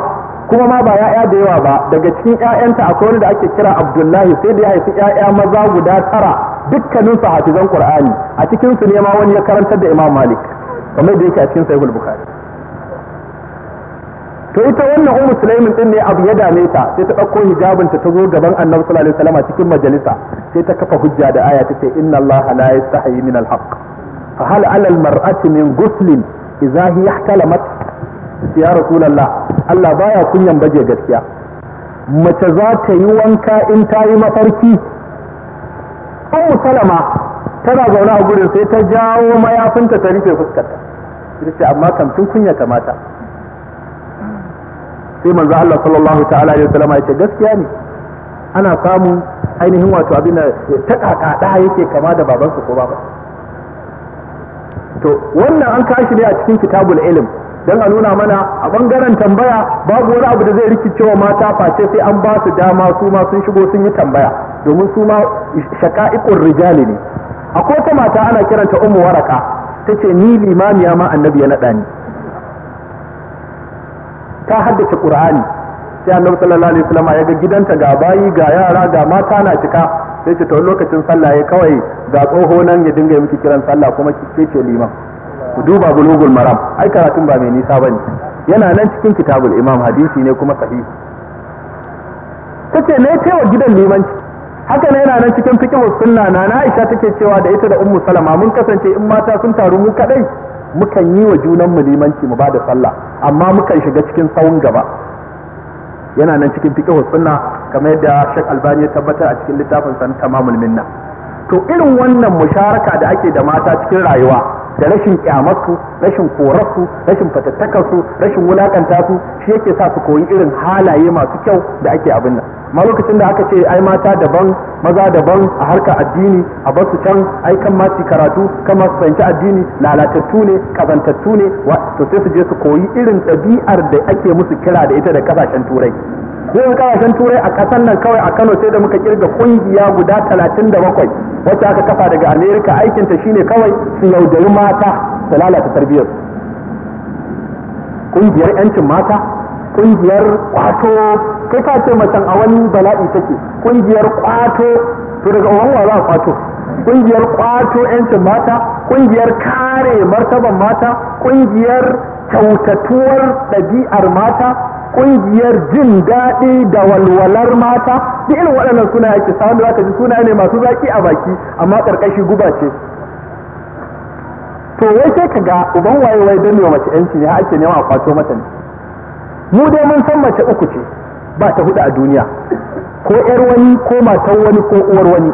Speaker 1: kuma ma ba ƴaƴa da yawa ba daga cikin ƴaƴanta akwai wani da ake kira Abdullahi sai da ya haifi ƴaƴa maza guda tara dukkanin su hafizan Qur'ani a cikinsu su ne ma wani ya karantar da Imam Malik kamar da yake a cikin Sahihul Bukhari to ita wannan ummu sulaimin din ne abu ya dame ta sai ta dauko hijabin ta zo gaban annabi sallallahu alaihi wasallam cikin majalisa sai ta kafa hujja da aya ce, inna allaha la yastahi min alhaq fa hal ala almar'ati min ghuslin idza hiya ihtalamat ya rasulullah Allah baya kunyan baje gaskiya mace za ta yi wanka in ta yi mafarki ummu salama tana zaune a gurin sai ta jawo mayafinta ta rufe fuskarta ita ce amma kam tun kunya mata. sai manzo Allah sallallahu ta'ala alaihi wasallam ya ce gaskiya ne ana samun ainihin wato abin da ta kakada yake kama da babansa ko baba to wannan an kashi ne a cikin kitabul ilm dan a nuna mana a bangaren tambaya babu wani abu da zai rikice wa mata face sai an ba su dama su ma sun shigo sun yi tambaya domin su ma shaka'iqur rijali ne akwai ta mata ana kiranta ummu waraka tace ni limamiya ma annabi ya nada ni ta haddace qur'ani sai annabi sallallahu alaihi wasallam ya ga gidanta ga bayi ga yara ga mata na cika sai ce to lokacin sallah ya kawai ga tsoho nan ya dinga miki kiran sallah kuma ke ce liman ku duba bulugul maram ai karatun ba mai nisa bane yana nan cikin kitabul imam hadisi ne kuma sahihi tace ne taiwa gidan limanci haka ne yana nan cikin fikihu sunna na na Aisha take cewa da ita da Ummu Salama mun kasance in mata sun taru mu kadai mukan yi wa junanmu limanci mu ba da sallah amma mukan shiga cikin tsawon gaba yana nan cikin fiqh sunna kamar yadda Sheikh Albani ya tabbatar a cikin littafin san tamamul minna to irin wannan musharaka da ake da mata cikin rayuwa da rashin kyamarsu rashin korarsu rashin fatattakarsu rashin wulakanta su shi yake sa su koyi irin halaye masu kyau da ake abin nan ma lokacin da aka ce ai mata daban maza daban a harka addini a basu su can ai kan ma karatu kan ma su fahimci addini lalatattu ne kazantattu ne to sai su je su koyi irin ɗabi'ar da ake musu kira da ita da kasashen turai zai kasashen turai a ƙasar nan kawai a kano sai da muka kirga ƙungiya guda 37 da wacce aka kafa daga amerika aikinta shine kawai su yaudari mata su lalata tarbiyyar kungiyar yancin mata kungiyar kwato kai ka ce macen a wani bala'i take kungiyar kwato to daga wani wala kwato kungiyar kwato yancin mata kungiyar kare martaban mata kungiyar kyautatuwar ɗabi'ar mata kungiyar jin daɗi da walwalar mata duk irin waɗannan suna yake samun da ji suna ne masu zaki a baki amma ƙarƙashi guba ce to wai sai ka ga uban waye wai dan mace yanci ne har ake nema a kwato mata ne mu dai mun san mace uku ce ba ta hudu a duniya ko yar wani ko matar wani ko uwar wani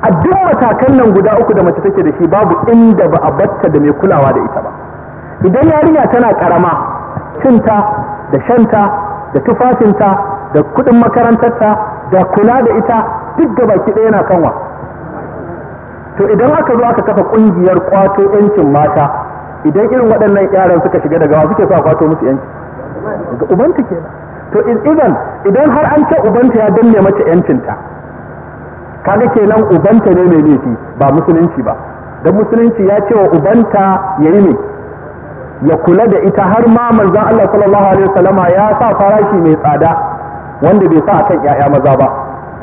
Speaker 1: a duk matakan nan guda uku da mace take da shi babu inda ba a batta da mai kulawa da ita ba idan yarinya tana karama cinta da shanta da tufafinta da kudin makarantarta da kula da ita duk da baki ɗaya na kanwa to idan aka zo aka kafa kungiyar kwato yancin mata idan irin waɗannan yaran suka shiga daga wa suke sa kwato musu yanci ga ubanta kenan to idan idan har an ce ubanta ya danne mace yancinta kaga kenan ubanta ne mai laifi ba musulunci ba dan musulunci ya ce wa ubanta yayi ne ya kula da ita har ma manzon Allah sallallahu alaihi wasallama ya sa farashi mai tsada wanda bai sa akan yaya maza ba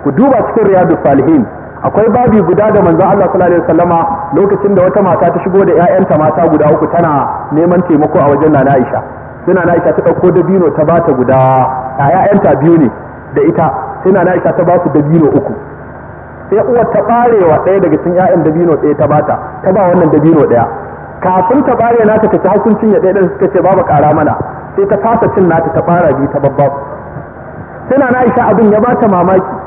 Speaker 1: ku duba cikin riyadu salihin akwai babi guda da manzon Allah sallallahu alaihi wasallama lokacin da wata mata ta shigo da ƴaƴanta mata guda uku tana neman taimako a wajen Nana Aisha suna na aisha ta ɗauko dabino ta ba ta guda a ‘ya’yanta biyu ne da ita suna na ta ba su dabino uku sai uwar ta barewa ɗaya daga cikin yayan dabino ɗaya ta bata ta ba wannan dabino ɗaya kafin ta bare nata ta ci hukuncin ya ɗaya da suka ce babu kara mana sai ta fasa cin nata ta fara biyu ta babba suna na isa abin ya ba ta mamaki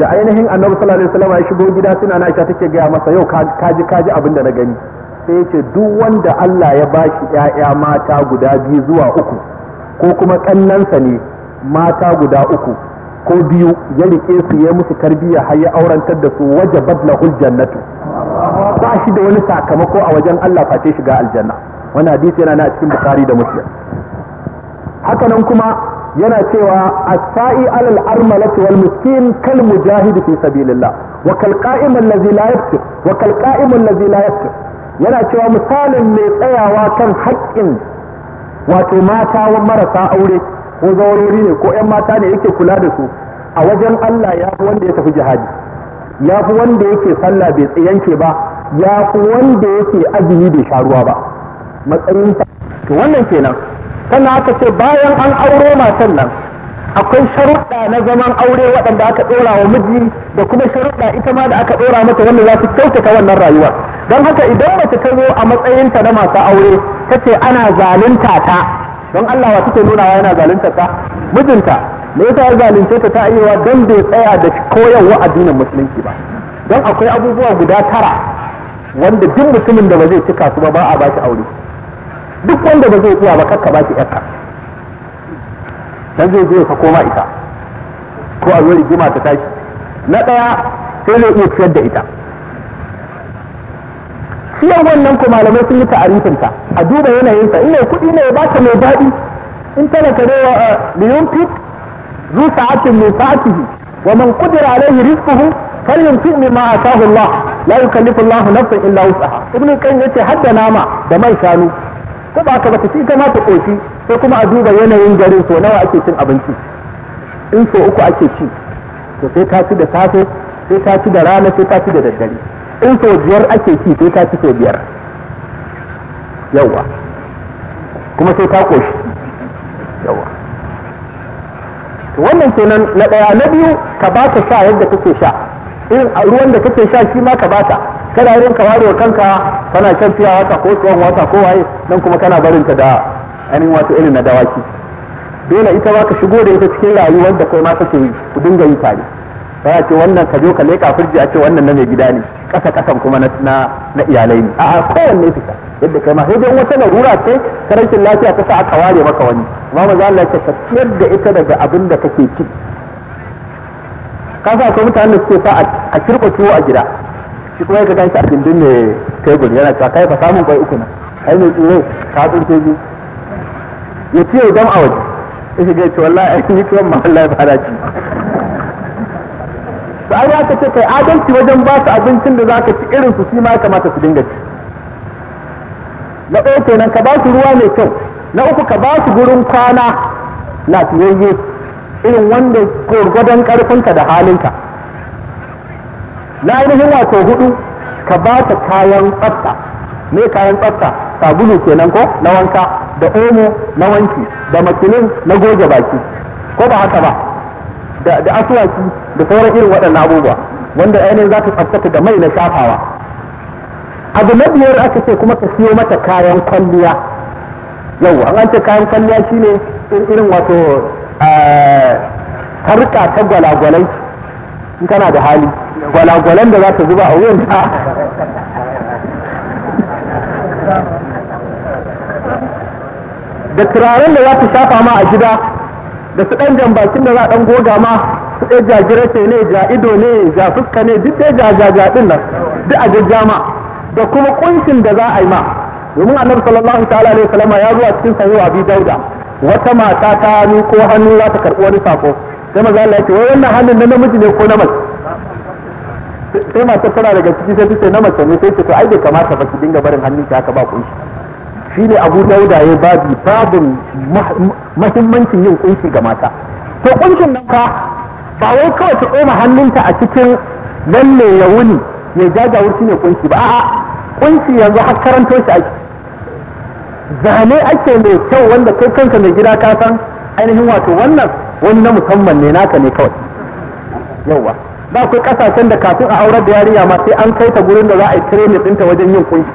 Speaker 1: da ainihin annabi sallallahu alaihi wasallam ya shigo gida suna na aisha take gaya masa yau kaji kaji abin da na gani sai ce duk wanda Allah ya bashi ‘ya'ya mata guda biyu zuwa uku ko kuma ƙannansa ne mata guda uku ko biyu ya riƙe su ya musu tarbiyya har ya aurantar da su waje lahul jannatu ba shi da wani sakamako a wajen Allah face shiga aljanna wani hadisi yana na cikin bukari da muslim hakanan kuma yana cewa asai alal armalati wal miskin kal mujahid fi sabilillah wa kal qa'im allazi la yaftir wa kal qa'im allazi la yaftir yana cewa misalin mai tsayawa kan haƙƙin wato mata marasa aure ko zaurori ne ko 'yan mata ne yake kula da su a wajen Allah ya fi wanda ya tafi jihadi ya fi wanda yake sallah bai tsayanke ba ya fi wanda yake azumi bai sha ruwa ba matsayin to wannan kenan sannan aka ce bayan an auro matan nan akwai sharuɗa na zaman aure waɗanda aka ɗora wa miji da kuma sharuɗa ita ma da aka ɗora mata wanda za su kyautata wannan rayuwa don haka idan mace ta zo a matsayinta na masu aure ta ce ana zalunta ta don Allah wa take nuna wa yana zalunta ta mijinta me yasa ya zalunce ta ta ayewa don bai tsaya da koyarwa addinin musulunci ba don akwai abubuwa guda tara wanda duk mutumin da ba zai cika su ba ba a aure duk wanda ba zai iya ba kakka bashi yarka dan zai zo ka koma ita ko a zo rigima ta tashi na ɗaya sai zai iya ciyar da ita ciyar wannan ko malamai sun yi ta a duba yanayinsa in mai kuɗi ne ba ta mai daɗi in tana kare wa liyun fit zu sa'atin min sa'atihi wa man qudira alayhi rizquhu falyunfiq mimma ataahu Allah la yukallifu Allah nafsan illa wus'aha ibnu qayyim yace hadda nama da mai shanu ko ba ka ba ka ci ta koshi sai kuma a duba yanayin garin so nawa ake cin abinci in so uku ake ci to sai ka ci da safe sai ka ci da rana sai ka ci da daddare in so biyar ake ci sai ka ci so biyar yawa kuma sai ka koshi yawa wannan kenan na daya na biyu ka ba ta sha yadda kake sha irin ruwan da kake sha shi ma ka ba ta kana irin ka ware kanka kana shan fiya wata ko tuwon wata ko waye nan kuma kana barin ta da ainihin wato irin na dawaki dole ita ma ka shigo da ita cikin rayuwar da kai ma kake yi ku dinga yi tare ba ce wannan ka je ka leka firji a ce wannan na mai gida ne kasa kasan kuma na na iyalai ne a'a kowanne fita yadda kai ma sai dai wata larura ce ta rashin lafiya ta sa aka ware maka wani amma maza Allah ka tafiyar da ita daga abin da kake ci sa ko mutanen da suke sa a kirɓa a gida shi kuma ya tashi a kindin ne tebur yana cewa kai fa samun kwai uku na kai ne tsoro ka tsince biyu ya ce dam a waje ya shiga ya ce wallahi ai ni kuma ma wallahi ba da ci to ai aka ce kai adalci wajen ba su abincin da zaka ci irin su shi ma kamata su dinga ci na ɗaya kenan ka ba su ruwa mai kyau na uku ka ba su gurin kwana lafiyayye irin wanda gwargwadon karfinka da halinka na ainihin wato hudu ka ba ta kayan tsafta me kayan tsafta sabulu kenan ko na wanka da omo na wanki da makilin na goge baki ko ba haka ba da asuwaki da sauran irin waɗannan abubuwa wanda ainihin za ka tsaftata da mai na shafawa abu na biyar aka ce kuma ka siyo mata kayan kwalliya yau an ce kayan kwalliya shine irin wato harka eh, ta gwalagwalai
Speaker 2: in kana da hali gwalagwalan da za ta zuba a wuyan ta da
Speaker 1: turaren da za ta shafa ma a gida da su ɗan jambakin da za a ɗan goga ma su ɗan jajirce ne ja ido ne ja fuska ne duk ɗaya jajaja ɗin nan duk a jajjama da kuma ƙunshin da za a yi ma domin annabi sallallahu alaihi wasallama ya zuwa cikin wa bi dauda wata mata ta ko hannu za ta karɓi wani sako sai maza Allah ya ce wai wannan hannun na namiji ne ko na mace sai masu tana daga ciki sai ce na mace ne sai ce to ai bai kamata ba ki dinga barin hannun ki haka ba kunshi shine Abu Dauda ya babi babin mahimmancin yin kunshi ga mata to kunshin nan fa ba wai kawai ta tsoma hannunta a cikin lalle ya wuni ya jajawur ne kunshi ba a'a kunshi yanzu har karanto shi ake zane ake mai kyau wanda kai kanka mai gida ka san ainihin wato wannan wani na musamman ne naka ne kawai yauwa ba ku kasashen da kafin a aurar da yarinya ma sai an kai ta gurin da za a yi training ɗinta wajen yin kunki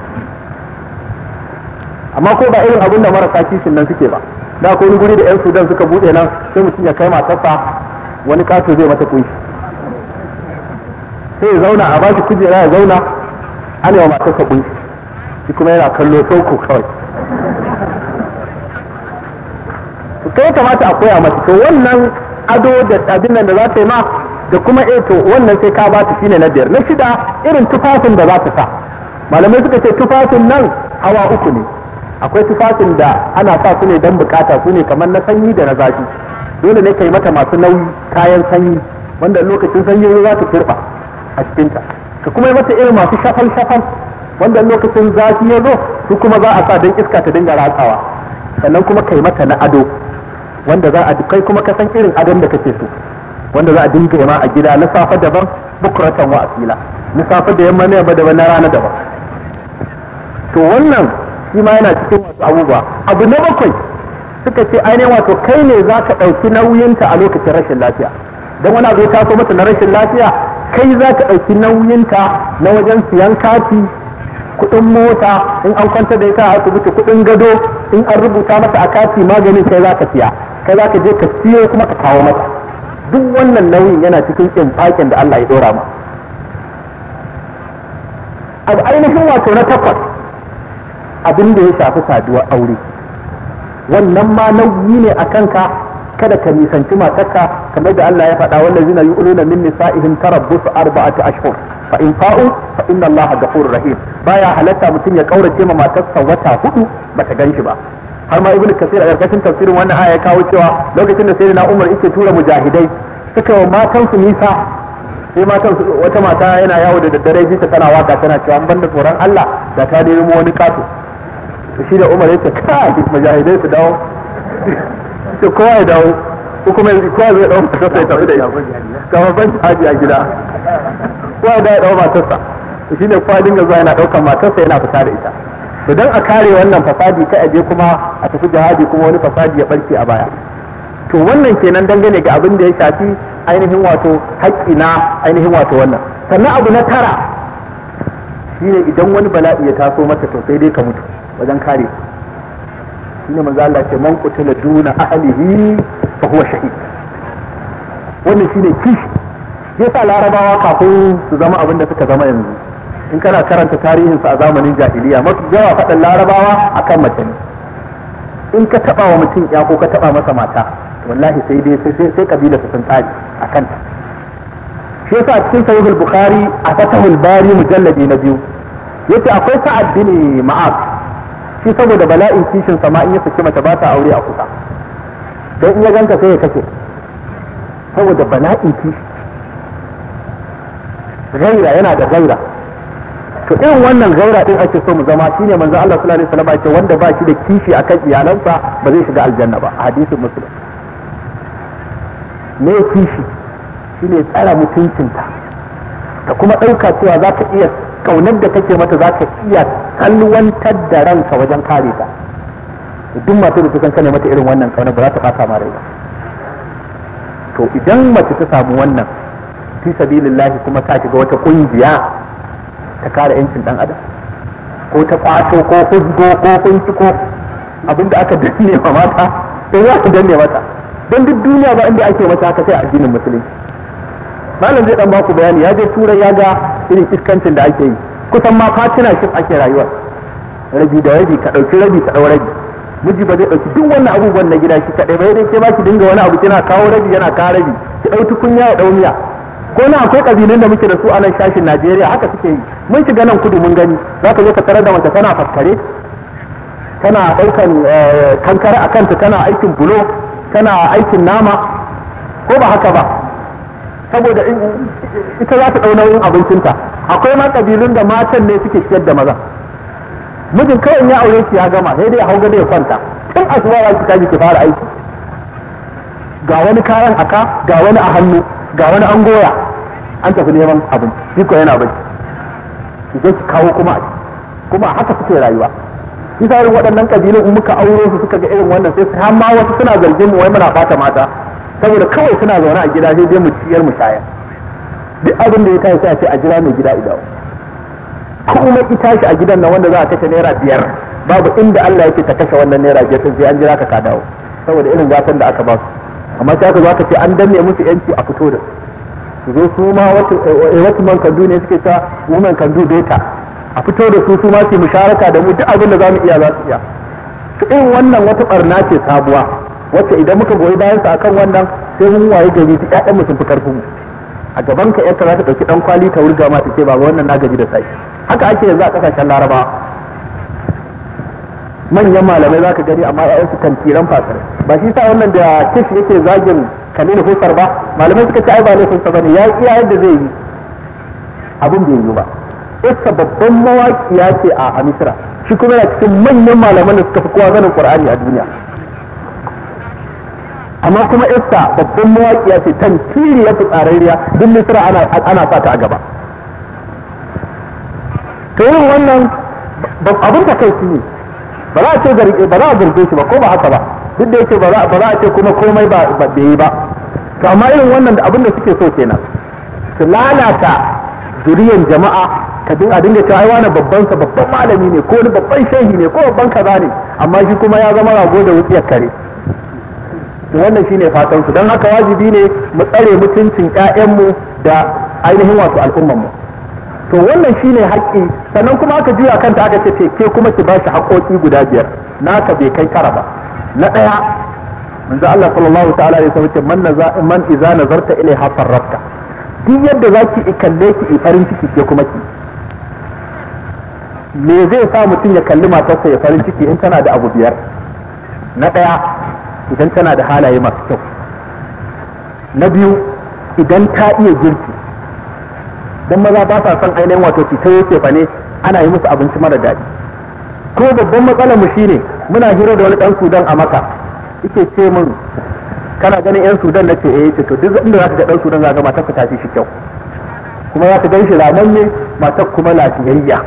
Speaker 1: amma ko ba irin abin da marasa kishin nan suke ba da ko wani guri da yan sudan suka buɗe nan sai mutum ya kai matarsa wani kato zai mata kunki sai ya zauna a shi kujera ya zauna an yi wa matarsa kunki shi kuma yana kallo sauko kawai kai kamata a koya mata to wannan ado da abin da za ta yi ma da kuma eh to wannan sai ka ba ta shine na biyar na shida irin tufafin da za ta sa malamai suka ce tufafin nan hawa uku ne akwai tufafin da ana sa su ne don bukata su ne kamar na sanyi da na zafi dole ne kai mata masu nauyi kayan sanyi wanda lokacin sanyi za ta turba a cikin ta. ka kuma yi mata irin masu shafan-shafan wanda lokacin zafi ya zo su kuma za a sa don iska ta dinga ratsawa sannan kuma kai mata na ado wanda za a kai kuma ka san irin adon da kake so wanda za a dinga ma a gida na safa daban bukuratan wa asila na safa da yamma ne daban na rana daban to wannan shi ma yana cikin wasu abubuwa abu na bakwai suka ce ainihin wato kai ne za ka ɗauki nauyinta a lokacin rashin lafiya don wani abu ya taso mata na rashin lafiya kai za ka ɗauki nauyinta na wajen siyan kati kuɗin mota in an kwanta da ita a asibiti kuɗin gado in an rubuta mata a kati maganin kai za ka siya kai za ka je ka siyo kuma ka kawo mata duk wannan nauyin yana cikin infakin da Allah ya dora ma abu ainihin wato na takwas abin da ya shafi saduwar aure wannan ma nauyi ne a kanka kada ka nisanci matarka kamar da Allah ya faɗa wannan zina yu'luna min nisa'ihim tarabbusu arba'ati ashhur fa in fa'u fa inna Allah ghafurur rahim baya halatta mutum ya kaurace ma matarsa wata hudu bata ganshi ba har ma ibnu kasir a karkashin tafsirin wannan aya ya kawo cewa lokacin da sayyidina umar yake tura mujahidai suka wa matan su nisa sai matan su wata mata yana yawo da daddare bi ta tana waka tana cewa an banda tsoron Allah da ta nemo wani kato to shi da umar yake kai mujahidai su dawo to kowa ya dawo ko kuma yanzu kowa zai dawo matarsa sai tafi da ita kamar ban haji a gida kowa ya dawo matarsa to shi ne kowa dinga zuwa yana daukar matarsa yana fita da ita to don a kare wannan fasadi ka aje kuma a tafi jihadi kuma wani fasadi ya barke a baya to wannan kenan dangane ga abin da ya shafi ainihin wato haƙƙi na ainihin wato wannan sannan abu na tara shine idan wani bala'i ya taso mata to sai dai ka mutu wajen kare shine manzo Allah ce man qutila duna ahlihi fa huwa shahid wannan shine kishi yasa larabawa kafin su zama abin da suka zama yanzu in kana karanta tarihinsa a zamanin jahiliya mafi yawa faɗin larabawa akan mace ne in ka taɓa wa mutum ya ko ka taɓa masa mata wallahi sai dai sai kabila su sun tsari a kanta shi yasa a cikin sahihul bukhari a fatahul bari mujalladi na biyu yace akwai sa'ad bin ma'ab shi saboda bala'in kishin sama in ya saki mace ba ta aure a kusa dan in ya ganka sai ya kace saboda bala'in kishi gaira yana da gaira to irin wannan gaira din ake so mu zama shine manzo Allah sallallahu alaihi wasallam ce wanda ba shi da kishi akan iyalansa ba zai shiga aljanna ba hadisin muslim me kishi shine tsara mutuncinta ta kuma ɗauka cewa za ka iya kaunar da kake mata za ka iya kalwantar da ranka wajen kare ta duk masu da kusan kane mata irin wannan kaunar ba za ta fata mara ba to idan mace ta samu wannan fi sabilillahi kuma ta shiga wata kungiya ta kare yancin dan adam ko ta kwato ko huzgo ko kunci ko abinda aka danne wa mata sai eh, ya su danne mata don duk duniya ba inda ake mata haka sai a addinin musulunci malam zai dan baku bayani ya je tura ya ga irin iskancin da ake yi kusan ma fatina shi ake rayuwa rabi da rabi ka dauki rabi ka ɗau rabi miji ba zai dauki duk wannan abubuwan na gida shi kadai ba dai ke ba ki dinga wani abu kina kawo rabi yana kawo rabi ki dauki kunya ya dauniya ko na akwai kabilun da muke da su a nan shashin Najeriya haka suke yi mun shiga nan kudu mun gani za ka zo ka tarar da mace tana faskare tana ɗaukan eh, kankara a kanta tana aikin bulo tana aikin nama ko ba haka ba saboda ita za ta ɗauna nauyin abincinta akwai ma kabilun da matan ne suke siyar da maza mijin kawai ya aure shi ya gama sai dai ya hau gado ya kwanta tun asuba za ki ki fara aiki ga wani kayan aka ga wani a hannu ga wani an goya an tafi neman abin shi yana bai su je ki kawo kuma a kuma haka suke rayuwa shi sa waɗannan kabilun in muka auro su suka ga irin wannan sai su ma wasu suna zargin mu wai muna fata mata saboda kawai suna zaune a gida sai dai mu ciyar mu shaya duk abin da ya kai sai a ce a jira mai gida idawo kuma ita tashi a gidan nan wanda za a kashe naira biyar babu inda Allah yake ta kashe wannan naira biyar sai an jira ka ka dawo saboda irin gatan da aka ba su amma sai ka zo ka ce an danne musu yanci a fito da su zo su ma wasu eh, man kandu ne suke ta women kandu data a fito da su su ma su musharaka da mu duk abin da za mu iya za su iya su in wannan wata barna ce sabuwa wacce idan muka goyi bayan sa akan wannan sai mun waye gari duk ƴaƴan mu sun fi karfin a gaban ka yarka za ta dauki dan kwali ta wurga ma ta ce baba wannan na gaji da sai haka ake yanzu a kasashen larabawa manyan malamai za ka gani amma su kan tiran fasar ba shi sa wannan da kish yake zagin ka nuna ba malamai suka ci ai ba laifin sa bane yi iya yadda zai yi abin bai yi ba iska babban ya ce a Misra shi kuma yana cikin manyan malaman da suka fi kowa ganin Qur'ani a duniya amma kuma iska babban mawaƙiya ce tantiri ya tsararriya duk Misra ana ana sa ta a gaba to wannan abin da kai ne ba za a ce ba za a zarge shi ba ko ba haka ba duk da yake ba za a ce kuma komai ba ba yi ba to amma irin wannan da abin da suke so kenan su lalata zuriyar jama'a ka din a dinga cewa ai wani babban sa babban malami ne ko ni babban shehi ne ko babban kaza ne amma shi kuma ya zama rago da wutsiyar kare to wannan shine fatan su don haka wajibi ne mu tsare mutuncin ƴaƴanmu da ainihin wato al'ummar mu to wannan shine haƙƙi sannan kuma aka juya kanta aka ce ke kuma ki ba shi haƙoƙi guda biyar naka bai kai kara ba na ɗaya, manzo Allah sallallahu ta'ala ya sabace man za man iza nazarta ilaiha farrafta duk yadda zaki kalle ki farin ciki ke kuma ki me zai sa mutum ya kalli matarsa ya farin ciki in tana da abu biyar na daya idan tana da halaye masu kyau na biyu idan ta iya girki dan maza ba sa son ainihin wato ki ta yake fa ne ana yi musu abinci mara daɗi ko babban matsalar mu shine muna hira da wani dan sudan a maka yake ce min kana ganin yan sudan na ce eh to duk inda zaka ga dan sudan zaka ga matar ka tafi shi kyau kuma zaka gan shi ne, matar kuma lafiyayya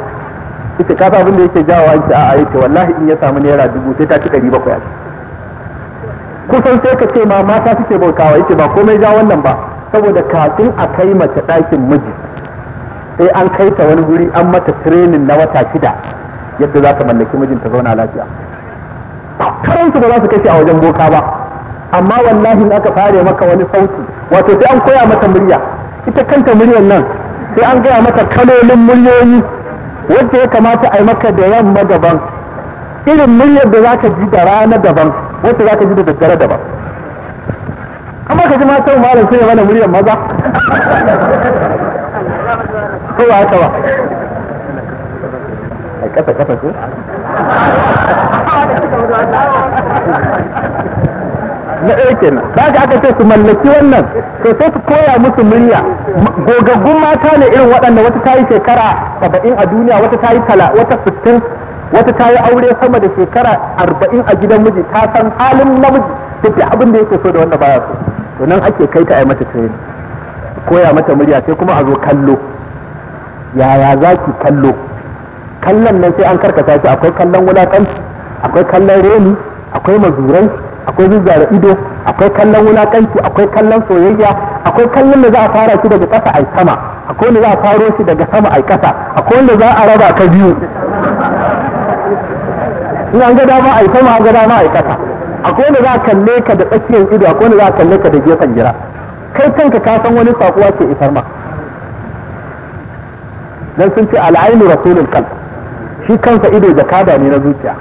Speaker 1: ita ka abin da yake jawo ki a yace wallahi in ya samu naira dubu sai ta ci ɗari bakwai kusan sai ka ce ma mata suke bautawa yake ba komai ja wannan ba saboda kafin a kai mace ɗakin miji sai an kai ta wani guri an mata training na wata shida yadda za ka mallaki mijinta zauna lafiya karansu ba za su kashe a wajen boka ba amma wallahi in aka fare maka wani sauti wato sai an koya mata murya ita kanta muryar nan sai an gaya mata kalolin muryoyi wadda ya kamata a yi maka da yamma daban irin muryar da za ka ji da rana daban wadda za ka ji da daddare daban amma ka ji matan malam sai ya mana muryar maza ko ba haka ba kasa kasa ko na ɗaya kenan ba ga aka ce su mallaki wannan to sai su koya musu murya gogaggun mata ne irin waɗanda wata ta yi shekara saba'in a duniya wata ta yi tala wata sittin wata ta yi aure sama da shekara arba'in a gidan miji ta san halin namiji duk abin da yake so da wanda baya so to nan ake kai ta a yi mata training koya mata murya sai kuma a zo kallo yaya za ki kallo kallon nan sai an karkata shi akwai kallon wulakanci akwai kallon reni akwai mazurai akwai zuzzara ido akwai kallon wulakanci akwai kallon soyayya akwai kallon da za a fara shi daga kasa ai sama akwai wanda za a faro shi daga sama ai kasa akwai wanda za a raba ka biyu in an ga dama ai sama an ga dama ai kasa akwai wanda za a kalle ka da tsakiyar ido akwai wanda za a kalle ka da gefen jira kai kanka ka san wani sakuwa ce isar ma dan sun ce al'ainu rasulul qalb shi kansa ido jakada ne na zuciya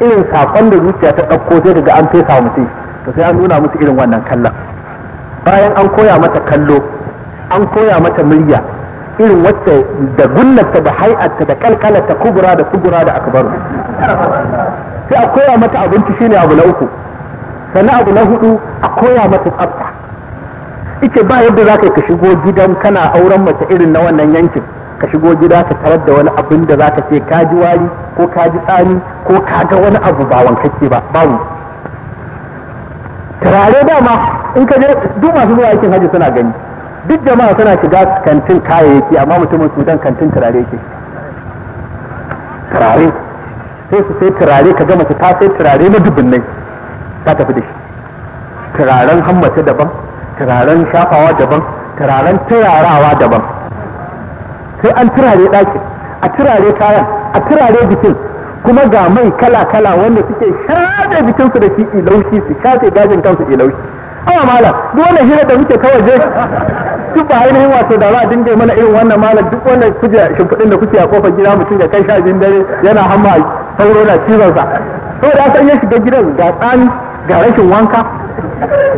Speaker 1: irin sakon da zuciya ta ɗauko sai daga an fesa mutum to sai an nuna musu irin wannan kallon bayan an koya mata kallo an koya mata murya irin wacce da gunnarta da hai'arta da kalkalarta kubura da kubura da akbaru sai a koya mata abinci shine abu na uku sannan abu na hudu a koya mata tsafta ike ba yadda za ka shigo gidan kana auren mace irin na wannan yankin ka shigo gida ka tarar da wani abin da za ka ce ka ji wari ko ka ji tsani ko ka ga wani abu ba wankakke ba babu turare dama in ka je duk masu zuwa aikin hajji suna gani duk jama'a suna shiga kantin kayayyaki amma mutumin sudan kantin turare yake turare sai su sai turare ka gama su ta sai turare na dubunnai ta tafi da shi turaren hammata daban turaren shafawa daban turaren turarawa daban sai an turare ɗakin a turare kayan a turare bikin kuma ga mai kala-kala wanda suke shafe jikinsu da shi ilaushi su shafe gajin kansu ilaushi awa malam duk wannan hira da muke kawai je duk ba ainihin wato da za dinga mana irin wannan malam duk wannan kuje shimfiɗin da kuke a kofar gida mutum ya kai sha biyun dare yana hamma sauro na cizon sa saboda san ya shiga gidan ga tsani ga rashin wanka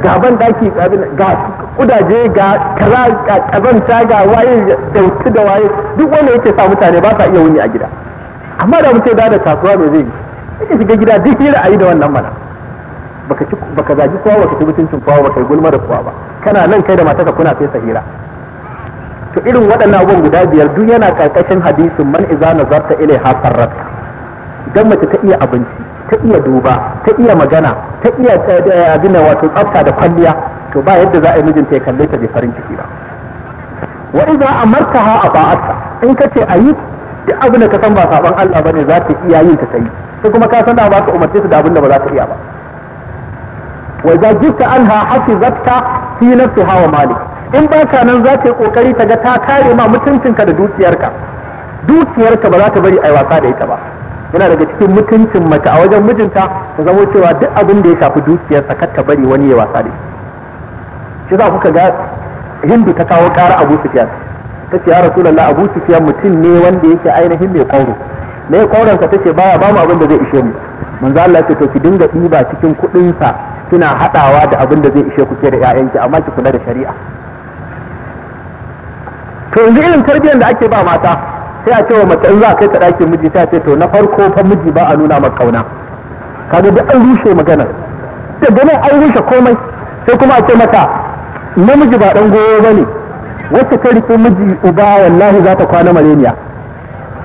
Speaker 1: ga ban daki ga kudaje ga kaza ga kazanta ga waye dauki da waye duk wanda yake sa mutane ba sa iya wuni a gida amma da mutum da da kasuwa me zai yake shiga gida duk hira ayi da wannan mana baka ci baka zagi kowa baka ci mutuncin kowa baka yi gulma da kowa ba kana nan kai da matarka kuna fesa hira to irin waɗannan abubuwan guda biyar duk yana karkashin hadisin man iza nazarta ilaiha sarratka idan mace ta iya abinci ta iya duba ta iya magana ta iya gina eh, wato tsafta da kwalliya to ba yadda za a yi mijinta ya kalle ta bai farin ciki ba wa idza amartaha a ba'ata in ka ce yi, duk abin da ka san ba saban Allah bane za ta iya yin ta sai sai kuma ka san da ba ka umarce su da abin da ba za ta iya ba wa idza jita anha hafizatka fi nafsiha wa malik in ba ka nan za ta yi kokari ta ga ta kare ma mutuncinka da dukiyarka dukiyarka ba za ta bari yi wasa da ita ba yana daga cikin mutuncin mace a wajen mijinta ta zama cewa duk abin da ya shafi dukiyar kar ta bari wani ya wasa da shi za kuka ga hindu ta kawo ƙara abu sufyan ta ce ya rasulallah abu sufyan mutum ne wanda yake ainihin mai kwauro ya kwauron ka tace baya ba mu abin da zai ishe mu manzo Allah ce to ki dinga ɗiba cikin kuɗin kina haɗawa da abin da zai ishe ku ke da ƴaƴanki amma ki kula da shari'a to yanzu irin tarbiyyar da ake ba mata sai a ce wa mace in za a kai ta ɗakin miji ta ce to na farko fa miji ba a nuna maka kauna kaga duk an rushe maganar da ganin an rushe komai sai kuma a ce mata namiji ba dan goyo bane wacce ta rike miji uba wallahi za ta kwana mareniya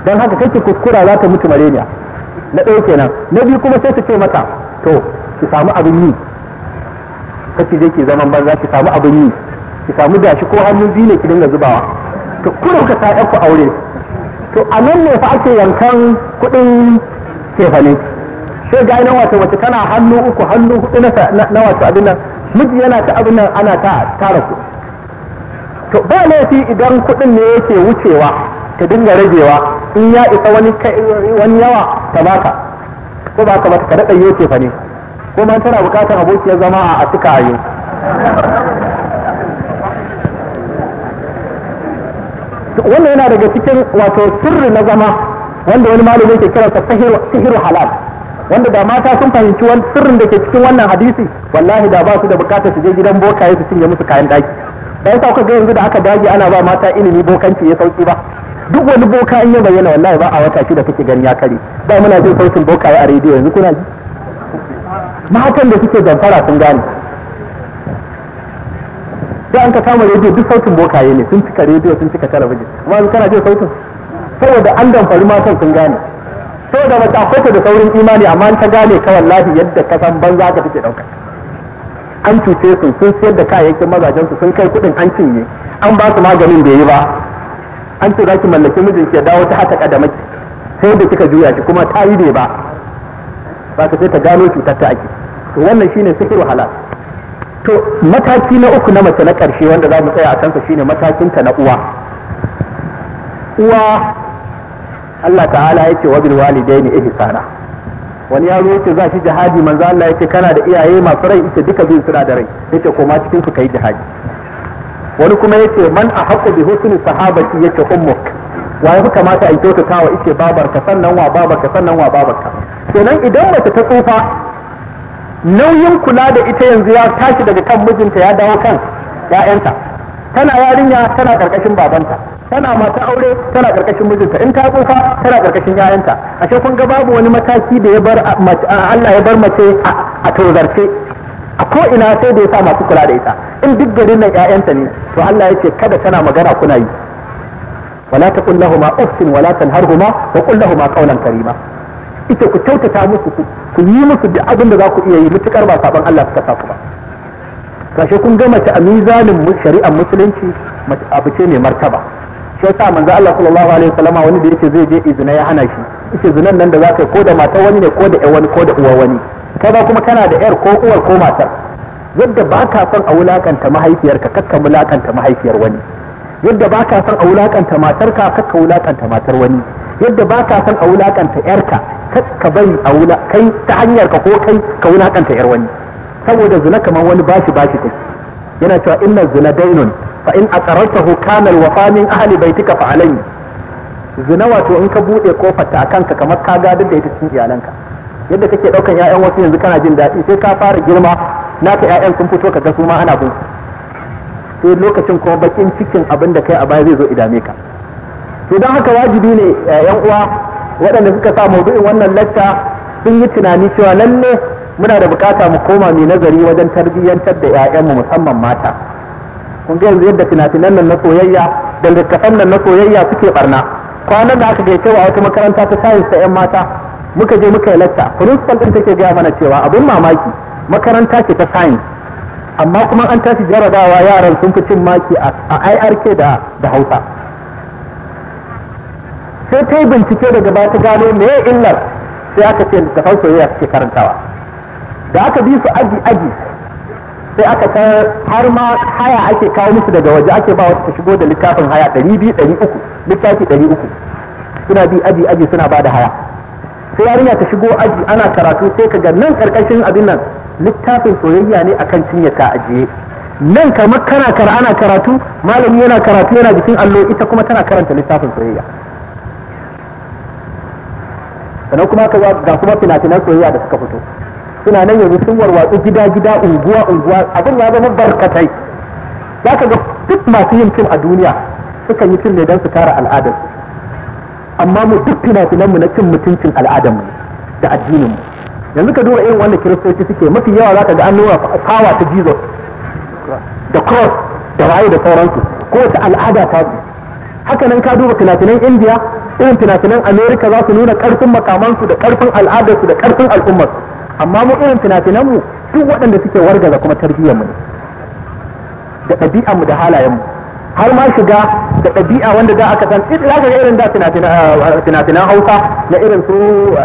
Speaker 1: don haka kake kuskura za ta mutu mareniya na ɗaya kenan na biyu kuma sai ta ce mata to ki samu abin yi kace je ki zaman banza ki samu abin yi ki samu dashi ko hannun biyu ne ki dinga zubawa to kullum ka ta ɗauko aure to a nan ne fa ake yankan kuɗin kefane sai ga nan wato wace tana hannu uku hannu hudu na wato abin nan miji yana ta abin nan ana ta tara ku to ba laifi idan kuɗin ne yake wucewa ta dinga ragewa in ya isa wani wani yawa ta baka ko ba ka mata ka daɗa yi kefane ko ma tana bukatar abokiyar zama a cika ayo wannan yana daga cikin wato sirri na zama wanda wani malami yake kiransa sihiru halal wanda da mata sun fahimci wani sirrin da ke cikin wannan hadisi wallahi da ba su da bukatar su je gidan bokaye su cinye musu kayan daki da yasa ka ga yanzu da aka dage ana ba mata ilimi bokanci ya sauki ba duk wani boka in ya bayyana wallahi ba a wata shi da kuke gani ya kare da muna jin sautin bokaye a rediyo yanzu kuna ji matan da suke zamfara sun gane Sai an ka kama rediyo duk sautin bokaye ne sun cika rediyo sun cika talabijin amma yanzu kana jin sautin saboda an damfari matan sun gane saboda mace akwai da saurin imani amma an ta gane kawai wallahi yadda ka san banza ka take ɗauka an cuce su sun siyar da kayayyakin mazajen su sun kai kuɗin an cinye an ba su maganin da yi ba an ce za ki mallaki mijinki ya dawo ta haka maki sai da kika juya ki kuma ta yi ne ba ba ka sai ta gano cutar ta ake to wannan shine sihiru halal to mataki na uku na mace na ƙarshe wanda za mu tsaya a kansa shine matakinta na uwa uwa Allah ta'ala yake wa bil walidaini ihsana wani yaro yake za shi jihadi manzo Allah yake kana da iyaye masu rai ita duka biyu suna da rai yake koma cikin ku kai jihadi wani kuma yake man a haƙu bi husni sahabati yake ummuk Waye kuka mata a kyautata wa yake babarka sannan wa babarka sannan wa babarka kenan idan mace ta tsufa nauyin kula da ita yanzu ya tashi daga kan mijinta ya dawo kan ya'yanta tana yarinya tana karkashin babanta tana mata aure tana karkashin mijinta in ta tsufa tana karkashin yayanta a kun ga babu wani mataki da ya bar Allah ya bar mace a tozarce a ko ina sai da ya sa masu kula da ita in duk garin nan yayanta ne to Allah ya ce kada tana magana kuna yi wala taqul lahumu uffin wala tanharhuma wa qul lahumu qawlan karima ita ku kyautata musu ku yi musu duk abin da za ku iya yi mutukar ba saban Allah suka sa ku ba kashe kun ga mace a mizanin shari'ar musulunci abu ce mai martaba shi yasa manzo Allah sallallahu alaihi wasallam wani da yake zai je izina ya hana shi yace zinan nan da za ka ko da matar wani ne ko da wani ko da uwa wani ba kuma kana da yar ko uwar ko matar yadda ba ka son a wulakanta mahaifiyarka kakka wulakanta mahaifiyar wani yadda ba ka son a wulakanta matarka kakka wulakanta matar wani yadda ba ka san a wulakanta yarka ka bari a wula kai ta hanyar ka ko kai ka wulakanta yar wani saboda zina kamar wani bashi bashi din yana cewa inna zina dainun fa in aqarartahu kana alwafa min ahli baitika fa alayhi zina wato in ka bude kofar ta kanka kamar ka gadar da ita cikin iyalanka yadda kake daukan ƴaƴan wasu yanzu kana jin daɗi sai ka fara girma naka ƴaƴan sun fito ka ga su ma ana bin sai lokacin kuma bakin cikin abin da kai a baya zai zo idame ka to don haka wajibi ne eh, yan uwa waɗanda suka sa maudu'in wannan lacca sun yi tunani cewa lalle muna da bukata mu koma mai nazari wajen tarbiyyantar da 'ya'yanmu musamman mata kun ga yanzu yadda fina nan na soyayya da littattafan nan na soyayya suke barna kwanan da aka gaice wa wata makaranta ta sayins ta 'yan mata muka je muka yi lacca principal din take gaya mana cewa abin mamaki makaranta ce ta sayin amma kuma an tashi jarabawa yaran sun fi cin maki a IRK da Hausa sai ta yi bincike da gaba ta gano me illar sai aka ce littafan soyayya suke karantawa da aka bi su aji aji sai aka ta har ma haya ake kawo musu daga waje ake ba ta shigo da littafin haya ɗari biyu ɗari uku littafi ɗari uku suna bi aji aji suna ba da haya sai yarinya ta shigo aji ana karatu sai ka ga nan karkashin abin nan littafin soyayya ne akan cinye ta ajiye nan kamar kana kara ana karatu malami yana karatu yana jikin allo ita kuma tana karanta littafin soyayya sannan kuma ka ga kuma fina-finan soyayya da suka fito suna nan yanzu sun warwatsu gida-gida unguwa unguwa abin ya zama barkatai za ka ga duk masu yin fim a duniya sukan yi fim ne don su tara al'adar amma mu duk fina-finanmu na cin mutuncin al'adar mu da addininmu yanzu ka duba irin wanda kiristoci suke mafi yawa za ka ga an nuna fawa ta jizo da cross da waye da sauransu ta al'ada ta haka nan ka duba fina-finan indiya irin tunatunan Amerika za su nuna karfin makamansu da karfin al'adarsu da karfin al'ummarsu amma mu irin tunatunanmu duk waɗanda suke wargaza kuma tarbiyyar mu ne da ɗabi'a da halayenmu. har ma shiga da ɗabi'a wanda za aka san za ka ga irin da tunatunan hausa na irin su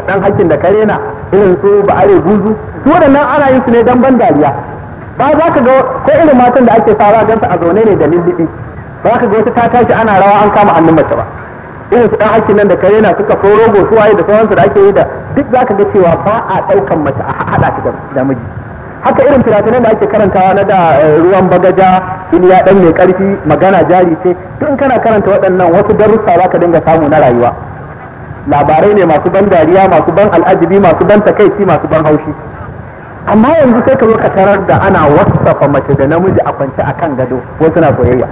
Speaker 1: ɗan hakkin da karena irin su ba'are guzu su waɗannan ana yin su ne don ban dariya ba za ka ga ko irin matan da ake sa gansa a zaune ne da lilliɓi ba za ka ga wata ta tashi ana rawa an kama hannun mace ba irin su dan aikin nan da kare na suka so rogo su waye da sauransu da ake yi da duk zaka ga cewa ba a daukan mace a haɗa ta da miji haka irin firatunan da ake karantawa na da eh, ruwan bagaja iliya ɗan mai karfi magana jari ce tun kana karanta waɗannan wasu darussa za ka dinga samu na rayuwa labarai ne masu ban dariya masu ban al'ajibi masu ban takaici masu ban haushi amma yanzu sai ka zo ka tarar da ana wasafa mace da namiji a kwance a kan gado wasu na soyayya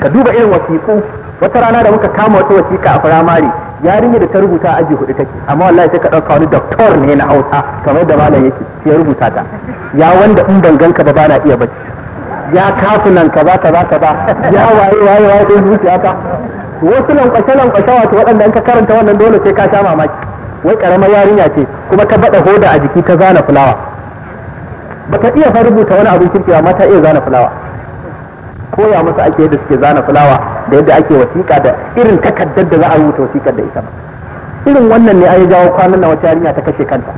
Speaker 1: ka duba irin wasiƙu wata rana da muka kama wata wasiƙa a firamare yarinya da ta rubuta aji hudu take amma wallahi sai ka ɗauka wani doktor ne na hausa kamar da malam yake shi ya rubuta ta ya wanda in ban ganka ba bana iya bacci ya ka kaza kaza kaza ya waye waye waye ɗin zuciya ta wasu lankwashe lankwashe wato waɗanda in ka karanta wannan dole sai ka sha mamaki wai karamar yarinya ce kuma ta baɗa hoda a jiki ta zana fulawa ba ta iya fa rubuta wani abin kirki amma ta iya zana fulawa koya musu ake yadda suke zana fulawa da yadda ake wasiƙa da irin takardar da za a rubuta wasiƙar da ita ba irin wannan ne yi jawo kwanan na wata yarinya ta kashe kanta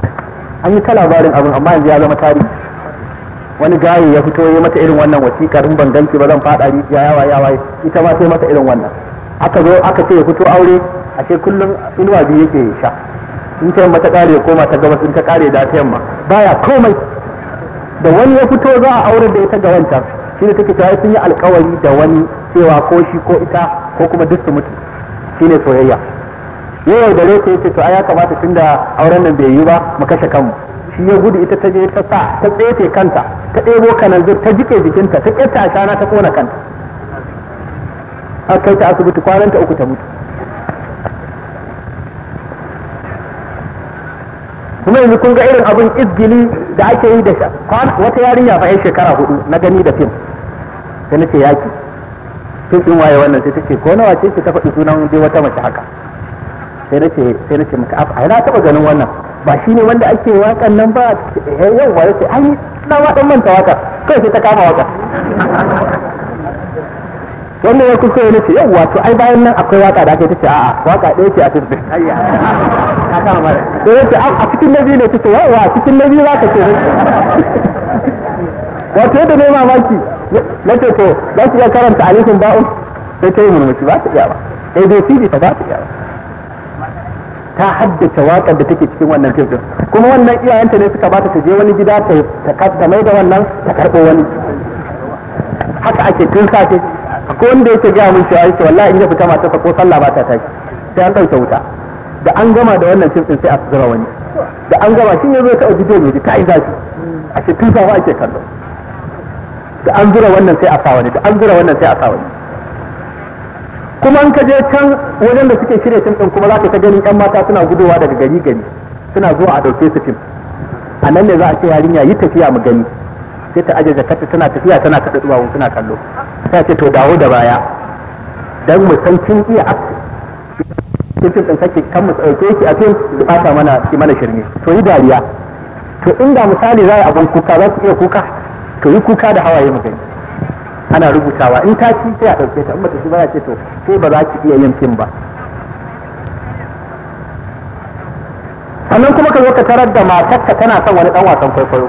Speaker 1: an yi ta labarin abin amma yanzu ya zama tarihi wani gaye ya fito ya mata irin wannan wasiƙa in ban ganki ba zan faɗa rijiya yawa yawa ita ma sai mata irin wannan aka zo aka ce ya fito aure ashe kullum inuwa biyu yake sha in ta yamma ta kare koma ta gabas in ta kare da ta yamma baya komai da wani ya fito za a aure da ita ga wancan shi ne take ta sun yi alkawari da wani cewa ko shi ko ita ko kuma duk su mutu shi ne soyayya ya da ta yace to ya kamata tun da auren nan bai yi ba mu kashe kanmu shi ya gudu ita ta je ta sa ta tsefe kanta ta ɗebo kananzir ta jike jikinta ta ƙeta shana ta kona kanta a kai ta asibiti kwananta uku ta mutu kuma yanzu kun ga irin abin izgili da ake yi da wata yarinya fa shekara hudu na gani da fim sai nace yaki fim din waye wannan sai tace ko nawa ce ta faɗi sunan dai wata mace haka sai nace sai nace mata A na taba ganin wannan ba shine wanda ake wakan nan ba eh, yau ba sai ai na wadan manta waka kai sai ta kama waka wannan ya kuskure yana ce yau wato ai bayan nan akwai waka da ake tace a'a waka ɗaya ce a cikin
Speaker 2: ayya ka kama mara
Speaker 1: da yace a cikin biyu ne tace wa wa cikin biyu za ka ce wato yadda ne mamaki na ce to za ki iya karanta alifin ba'u sai ta yi murmushi ba ta iya ba abcd ta ba ta iya ba ta haddace waƙar da take cikin wannan fim kuma wannan iyayenta ne suka bata ta je wani gida ta mai da wannan ta karɓo wani haka ake tun safe akwai wanda yake gaya mun cewa yake wallahi in ya fita mata ta ko sallah ba ta tashi sai an ɗauke wuta da an gama da wannan cin sai a zura wani da an gama shi ne zai ta bidiyo ne ta yi zafi a ce tun safa ake kallo da an zura wannan sai a sa wani da an zura wannan sai a sa wani kuma an ka je can wajen da suke shirya fim kuma za ka ganin yan mata suna gudowa daga gari gari suna zuwa a dauke su fim a nan ne za a ce yarinya yi tafiya mu gani sai ta aje zakatu tana tafiya tana kaɗa wani suna kallo sai ce to dawo da baya dan mu san kin iya aksi kin tsin kake kan mu ɗauke ki a fim zubata mana ki mana shirme to yi dariya to inda misali za a abin kuka za ki iya kuka to yi kuka da hawaye mu gani ana rubutawa in ta ci sai a ɗauke ta in ta ci ba ya ce to sai ba za ki iya yin fim ba sannan kuma ka zo ka tarar da matarka tana son wani dan wasan kwaikwayo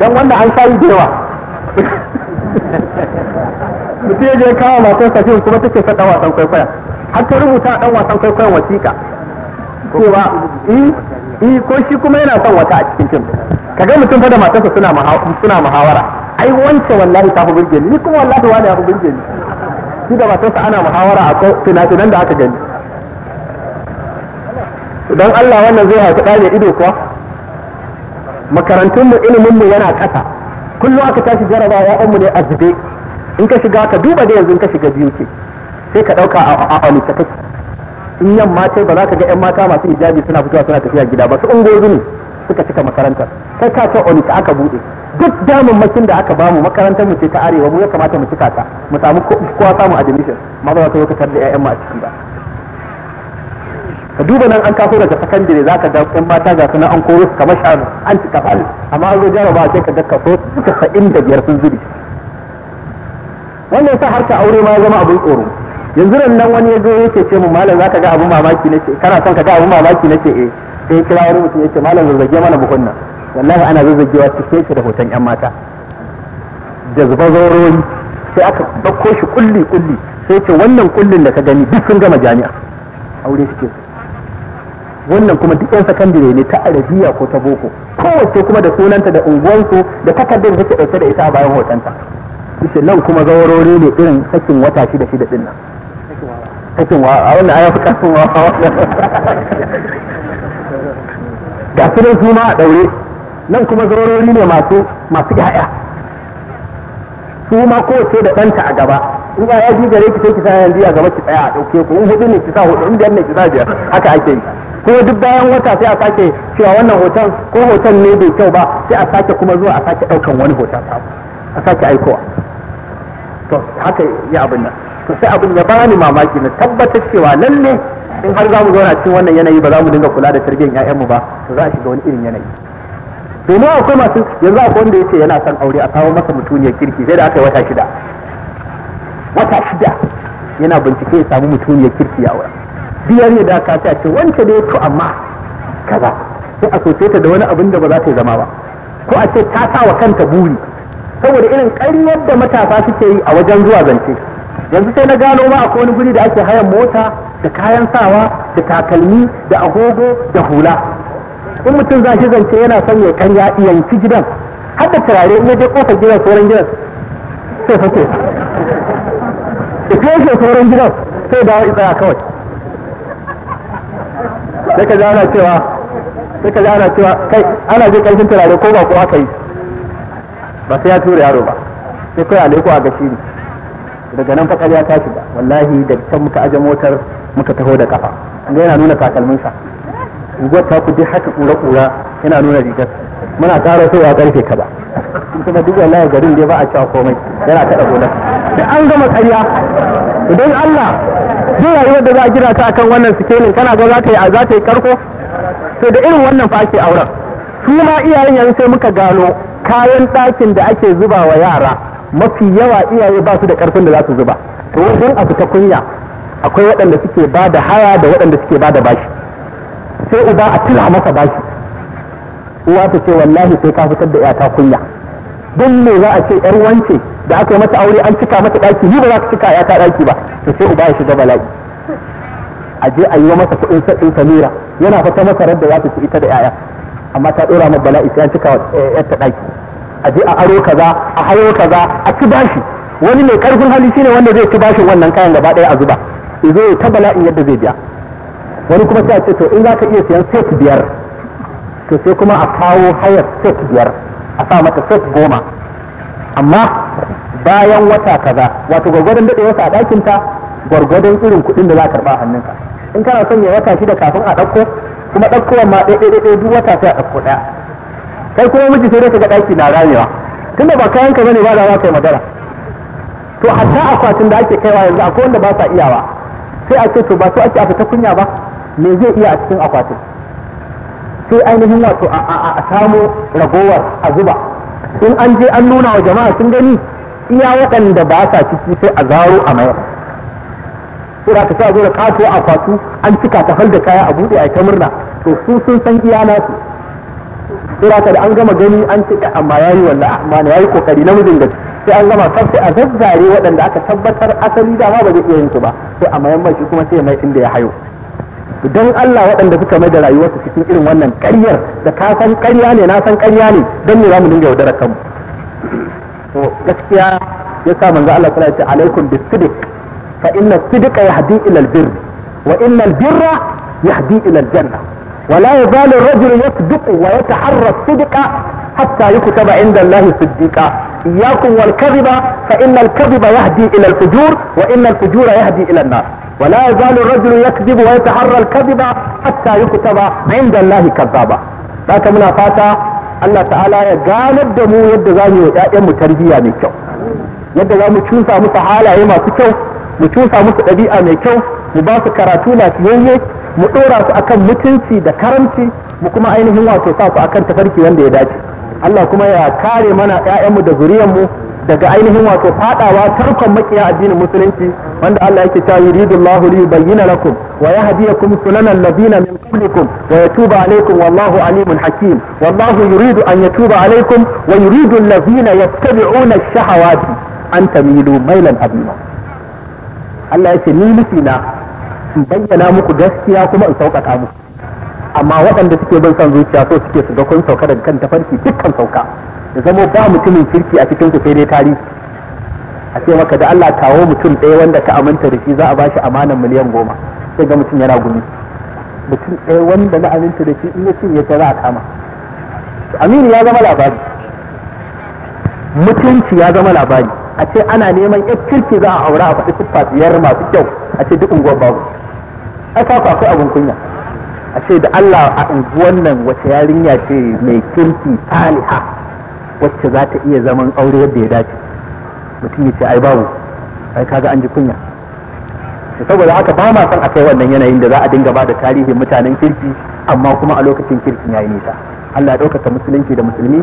Speaker 1: don wanda an sayi da yawa mutum ya je kawo matarsa fim kuma take sa dan wasan kwaikwaya har ta rubuta dan wasan kwaikwayon wasiƙa cewa i eh, eh, ko shi kuma yana son wata a cikin fim kaga mutum fa da matarsa suna suna muhawara ai wance wallahi ta fi burge ni kuma wallahi wani ya fi burge ni shi da matarsa ana muhawara a fina-finan da aka gani don Allah wannan zai haifi ɗaya ido kuwa makarantunmu mu yana kasa kullum aka tashi jaraba ya'yanmu ne a zube in ka shiga ka duba da yanzu in ka shiga biyu ce sai ka ɗauka a ɓalice kake in yan mata ba za ka ga 'yan mata masu hijabi suna fitowa suna tafiya gida ba su ungozu ne suka cika makarantar kai ka ce onita aka buɗe duk makin da aka bamu makarantar mu ce ta arewa mu ya kamata mu cika ta mu samu kowa samu admission ma za ta zo ka da 'ya'yan mu a ciki ba ka duba nan an da daga sakandare zaka ga ƴan mata ga sunan an koro kamar shanu an ci kafal amma an zo jarabawa sai ka ga kaso casa'in da biyar sun zubi wannan sa harka aure ma ya zama abin tsoro yanzu nan nan wani ya zo yake ce mun malam zaka ga abin mamaki nace kana son ka ga abin mamaki nace eh sai kira wani mutum yace malam zazzage mana bukunna wallahi ana zazzagewa cike shi da hoton ƴan mata da zuba zoroyi sai aka dauko shi kulli kulli sai ce wannan kullin da ka gani duk sun gama jami'a aure suke su wannan kuma duk yan sakandare ne ta arabiya ko ta boko kowace kuma da sunanta da unguwarsu da takardar da take ɗauke da ita a bayan hotonta yace nan kuma zaurori ne irin sakin wata shida shida din nan sakin wa a wannan ayyukan kafin wa ga su nan suma a daure nan kuma zaurori ne masu masu yaya su ma kowace da ɗanta a gaba in ya ji gare ki sai ki sa yanzu a gaba ki tsaya a ɗauke ku in hudu ne ki sa hudu in biyar ne ki sa biyar haka ake yi ko duk bayan wata sai a sake cewa wannan hoton ko hoton ne bai kyau ba sai a sake kuma zuwa a sake ɗaukan wani hoton a sake aikowa to haka ya abin nan to sai abin ya bani mamaki na tabbatar cewa lalle in har za mu zauna cikin wannan yanayi ba za mu dinga kula da tarbiyyar mu ba to za a shiga wani irin yanayi domin akwai masu yanzu akwai wanda yace yana son aure a kawo masa mutuniyar kirki sai da aka yi wata shida wata shida yana bincike ya samu mutuniyar kirki a wurin biyar ya daka ta ce wance da ya to amma kaza sai a soce ta da wani abin da ba za ta yi zama ba ko a ce ta sa wa kanta buri saboda irin karyar da matasa suke yi a wajen zuwa zance yanzu sai na gano ma akwai wani guri da ake hayan mota da kayan sawa da takalmi da agogo da hula in mutum za shi zance yana son ya karya yanki gidan har da turare in je kofar gidan sauran gidan sai fake da fiye sauran gidan sai dawo itsaya kawai sai ka ji ana cewa sai ka ji ana cewa kai ana jin ƙarfin turare ko ba ko aka yi ba sai ya tura yaro ba sai kai aleko a gashi daga nan fakar ya tashi ba wallahi da can muka aje motar muka taho da kafa ga yana nuna sa guguwar ta ku duk haka kura-kura yana nuna rigar muna ƙara so ya karfe ka ba kuma duk wallahi garin dai ba a cewa komai yana kada gonar da an gama ƙarya idan Allah duk rayuwar da za a gina ta akan wannan sikelin kana ga za ta yi za ta yi karko to da irin wannan fa ake auren su ma iyayen yanzu sai muka gano kayan ɗakin da ake zuba wa yara mafi yawa iyaye ba su da ƙarfin da za su zuba to wajen a fita kunya akwai waɗanda suke ba da haya da waɗanda suke ba da bashi sai uba a tila masa bashi uwa ta ce wallahi sai ka fitar da yata kunya don me za a ce yar wance da aka yi mata aure an cika mata daki ni ba za ka cika yata daki ba to sai uba ya shiga bala'i a je a yi wa masa kuɗin sabbin samira yana fata masa radda za ta ci ita da yaya amma ta dora mata bala'i sai an cika eh, ta daki a je a aro kaza a hayo kaza a ci bashi wani mai karfin hali shine wanda zai ci bashin wannan kayan gaba daya a zuba izo ta bala'in yadda zai biya wani kuma sai a ce to in za ka iya siyan set biyar to sai kuma a kawo hayar set biyar a sa mata set goma amma bayan wata kaza wato gwargwadon daɗe wasu a ɗakinta gwargwadon irin kuɗin da za a karɓa hannunka in kana son ya wata shida kafin a ɗauko kuma ɗaukowar ma ɗaya ɗaya ɗaya duk wata sai a ɗauko ɗaya kai kuma miji sai dai ka ga ɗaki na ramewa tunda ba kayan ka bane ba za ka yi madara to hatta akwatin da ake kaiwa yanzu akwai wanda ba sa iyawa sai a ce to ba su ake a fita kunya ba me zai iya a cikin akwatin sai ainihin wato a a samu ragowar a zuba in an je an nuna wa jama'a sun gani iya waɗanda ba sa ciki sai a zaro a mayar sai da ka sa zo da kato a kwatu an cika ta hal da kaya a buɗe a ta murna to su sun san iya nasu sai ka da an gama gani an cika amma yayi wanda amma na yayi kokari namijin da sai an gama kaf a zazzare waɗanda aka tabbatar asali dama ba zai iya yin su ba sai a mayan shi kuma sai mai inda ya hayo don Allah waɗanda suka mai da rayuwarsu cikin irin wannan ƙaryar da ka san ƙarya ne na san ƙarya ne don ne za mu dinga yaudara kanmu to gaskiya ya sa manzo Allah sallallahu alaihi wa sallam alaikum bis sidiq fa inna sidqa yahdi ila al birr wa inna al birra yahdi ila al janna ولا يزال الرجل يصدق iyyakum wal kadhiba fa inna al-kadhiba yahdi ila al-fujur wa inna al-fujura yahdi ila an-nar ولا يزال الرجل يكذب ويتحرى الكذب حتى يكتب عند الله كذابا ذاك muna fata Allah ta'ala ya ganar da mu yadda za mu yi mu tarbiyya mai kyau yadda za mu cusa musu halaye masu kyau mu cusa musu ɗabi'a mai kyau mu ba su karatu lafiyayye mu ɗora su akan mutunci da karanci, mu kuma ainihin wato sa su akan tafarki wanda ya dace Allah kuma ya kare mana mu da zuriyarmu daga ainihin wato fadawa tarkon makiya addinin musulunci wanda Allah yake ta yuridu Allahu li yubayyana lakum wa yahdiyakum sunanal ladina min qablikum wa yatuba alaykum wallahu alimun hakim wallahu yuridu an yatuba alaykum wa yuridu alladhina yattabi'una ash-shahawati an tamilu mailan abima Allah yake ni nufi na in bayyana muku gaskiya kuma in sauƙaƙa muku amma waɗanda suke bin son zuciya so suke su ga kun sauka daga kan tafarki dukkan sauka da zamo ba mutumin kirki a cikin ku sai dai tarihi a ce maka da Allah kawo mutum ɗaya wanda ka aminta da shi za a bashi amanan miliyan goma sai ga mutum yana gumi mutum ɗaya wanda na aminta da shi in ya cinye ta za a kama aminu ya zama labari mutunci ya zama labari a ce ana neman yan kirki za a aura a faɗi siffa biyar masu kyau a ce duk unguwar babu ai ka akwai abin kunya a ce da Allah a unguwar nan wace yarinya ce mai kirki saliha wacce za ta iya zaman aure yadda ya dace mutum ya ce ai babu ai kaga an ji kunya saboda haka ba ma son a kai wannan yanayin da za a dinga ba da tarihin mutanen kirki amma kuma a lokacin kirkin yayi nisa Allah ya ɗaukaka musulunci da musulmi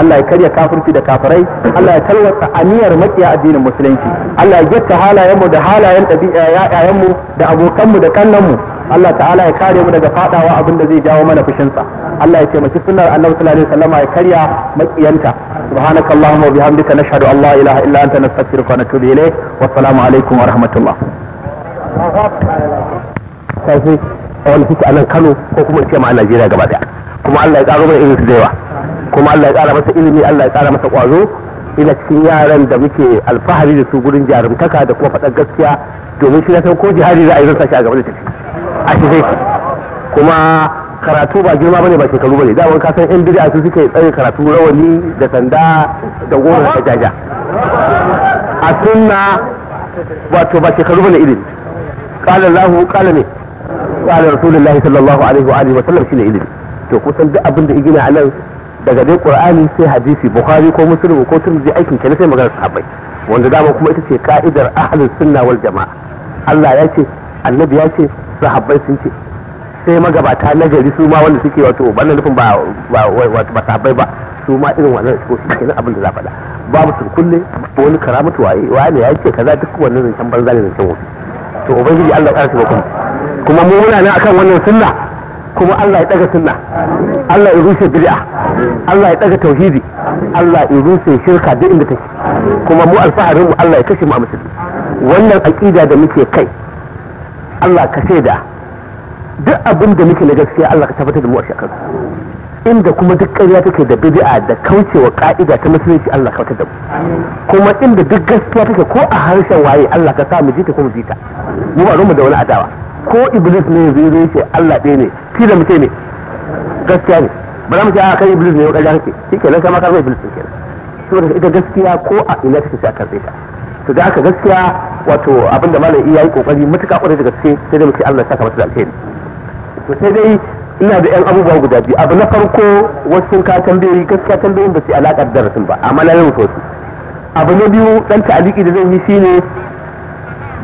Speaker 1: Allah ya karya kafirci da kafirai Allah ya a aniyar makiya addinin musulunci Allah ya halayen halayenmu da halayen ɗabi'a mu da abokanmu da mu Allah ta'ala ya kare mu daga fadawa abin da zai jawo mana fushinsa Allah ya ce taimaki sunnar annabi sallallahu alaihi wasallam ya karya makiyanta subhanakallahumma wa bihamdika nashhadu an la ilaha illa anta nastaghfiruka wa natubu ilayk wa assalamu alaikum wa rahmatullah sai a wani suke a nan Kano ko kuma ce ma a Najeriya gaba daya kuma Allah ya ƙara mai irin su da yawa kuma Allah ya ƙara masa ilimi Allah ya ƙara masa ƙwazo ina cikin yaran da muke alfahari da su gurin jarumtaka da kuma faɗar gaskiya domin shi na san ko jihari za a yi zan sashi a gaba da tafi a shi zai kuma karatu ba girma bane ba shekaru bane da ka san yan bid'a su suke tsaye karatu rawani da sanda da goma da jaja a sunna wato ba shekaru bane ilimi qala Allahu qala ne qala Rasulullahi sallallahu alaihi wa alihi wa sallam shine ilimi to kusan duk abin da igina anan daga dai Qur'ani sai hadisi Bukhari ko Muslim ko Tirmidhi aikin kenan sai maganar sahabbai wanda dama kuma ita ce ka'idar ahlus sunna wal jama'a Allah ya ce annabi ya ce sahabbai sun ce sai magabata na gari su ma wanda suke wato wannan nufin ba wato ba sabai ba su ma irin wannan su shi kenan abin da za faɗa babu surkulle wani karamatu waye wani ya ce kaza duk wannan zancen banza ne zancen wani to ubangiji Allah ya ba kuma
Speaker 2: kuma mu muna nan akan wannan sunna
Speaker 1: kuma Allah ya daga sunna Allah ya rushe bid'a Allah ya daga tauhidi Allah ya rushe shirka duk inda take kuma mu alfaharin mu Allah ya kashe mu a musulmi wannan aqida da muke kai Allah ka shaida duk abin da muke na gaskiya Allah ka tabbatar da mu a shekaru inda kuma duk ƙarya take da bid'a da kaucewa ka'ida ta musulunci Allah ka da
Speaker 2: mu
Speaker 1: kuma inda duk gaskiya take ko a harshen waye Allah ka sa mu ji ta ko mu ji ta mu ba mu da wani adawa ko iblis ne zai zai ce Allah ɗaya ne fi da mutane gaskiya ne ba za mu ce a ah, kai iblis ne ƙarya kake shi ke nan kama zai iblis ne kenan saboda ita gaskiya ko a ina take sa a karɓe ta to da aka gaskiya wato abinda malam iya yi kokari matuƙa ƙwarai da gaske sai da mu ce Allah ya saka masa da alheri to sai dai ina da yan abubuwa guda biyu abu na farko wasu sun ka tambayoyi gaskiya tambayoyin ba su alaƙar darasin ba amma na yau sosai abu na biyu dan ta'aliki da zan yi shine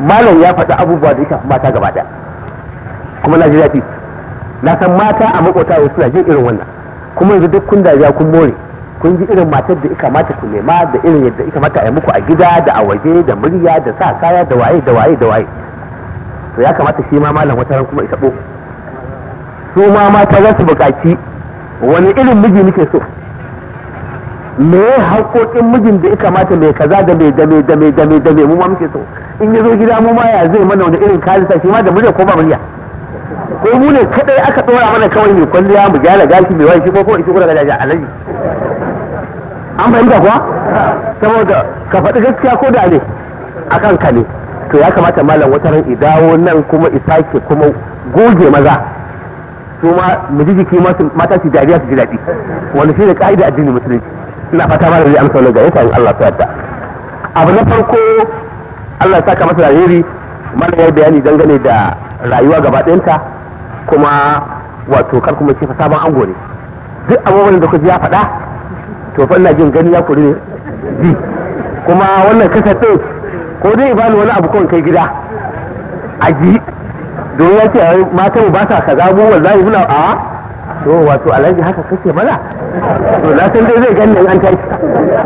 Speaker 1: malam ya faɗi abubuwa da shafi mata gaba ɗaya kuma na ji daɗi na san mata a makota wasu suna jin irin wannan kuma yanzu duk kun dariya kun more kun ji irin matar da ika mata ku nema da irin yadda ika mata a muku a gida da a waje da murya da sa kaya da waye da waye da waye to ya kamata shi ma malam wata ran kuma isa ɓo su ma mata za su buƙaci wani irin miji nake so me haƙoƙin mijin da ya kamata mai kaza da mai dame da mai dame da mai mu ma muke so in ya zo gida mu ma ya zai mana wani irin kalisa shi ma da murya ko ba murya ko mu ne kadai aka ɗora mana kawai mai kwalliya mu gyara gashi mai wani shi ko kuma shi kura a alaji an fahimta kuwa saboda ka faɗi gaskiya ko da ne kan ka ne to ya kamata malam wata ran idawo dawo nan kuma i sake kuma goge maza su ma mu ki jiki mata su dariya su ji daɗi wani shi ne ka'ida addinin musulunci ina fata ma da zai amsa wannan ga Allah ta yarda abu na farko Allah ya saka masa jariri mana ya bayani dangane da rayuwa gaba ɗayanta kuma wato kar kuma ce sabon ango ne duk abubuwan da ji ya faɗa to fa ina jin gani ya kuri ne ji kuma wannan kasar ɗin ko dai ba ni wani abu kawai kai gida a ji don ya ce matan ba sa kaza mu wallahi muna a to wato alhaji haka kake mana to na san dai zai ganin an tashi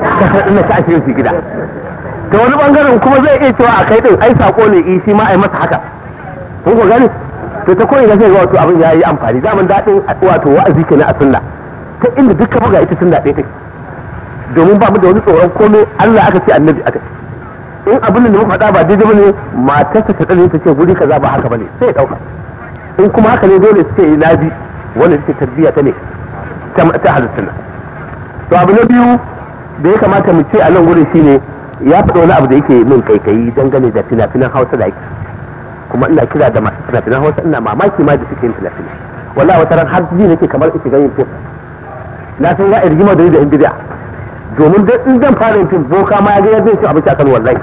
Speaker 1: ina ta ashirin su gida ta wani bangaren kuma zai iya cewa a kai din ai sako ne i eh, shi ma ai masa haka kun ko gani to ta koyi zai ga wato abin ya yi amfani daman daɗin wato wa'azi kenan a sunna ta inda duka buga ita sunna ɗaya take domin ba mu da wani tsoron komai Allah aka ce annabi aka ce in abin da muka faɗa ba daidai bane matarsa ta tsare ta ce guri kaza ba haka bane sai ya dauka in kuma haka ne dole su ce na bi wannan ce tarbiyya ta ne ta halittun to abu na biyu da ya kamata mu ce a nan gurin shine ya faɗa wani abu da yake min kaikayi dangane da fina-finan hausa da ake kuma ina kira da masu fina-finan hausa ina mamaki ma da suke yin fina-finai wallahi wata ran har ji nake kamar ita ganin fim na san ya irgima da ni da in bid'a domin dai in zan fara yin boka ma ya zai ci abinci akan wallahi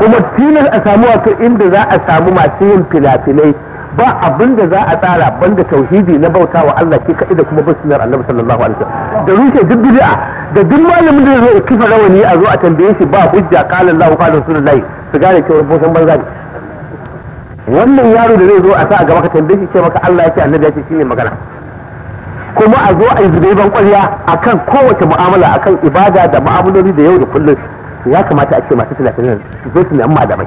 Speaker 1: kuma tilas a samu wato inda za a samu masu yin filafilai ba abin da za a tsara ban da tauhidi na bauta wa Allah ke kaɗai da kuma bin sunar annabi sallallahu alaihi wasallam da rushe duk bid'a da duk malamin da zai kifa rawani a zo a tambaye shi ba hujja qala Allah qala rasulullahi su gane cewa boson banza ne wannan yaro da zai zo a sa a gaba ka tambaye shi ce maka Allah ya ce annabi ya ce shine magana kuma a zo a yi zubeban ban kwarya kan kowace mu'amala a kan ibada da mu'amaloli da yau da kullum ya kamata a ce masu nan zo su nemi malamai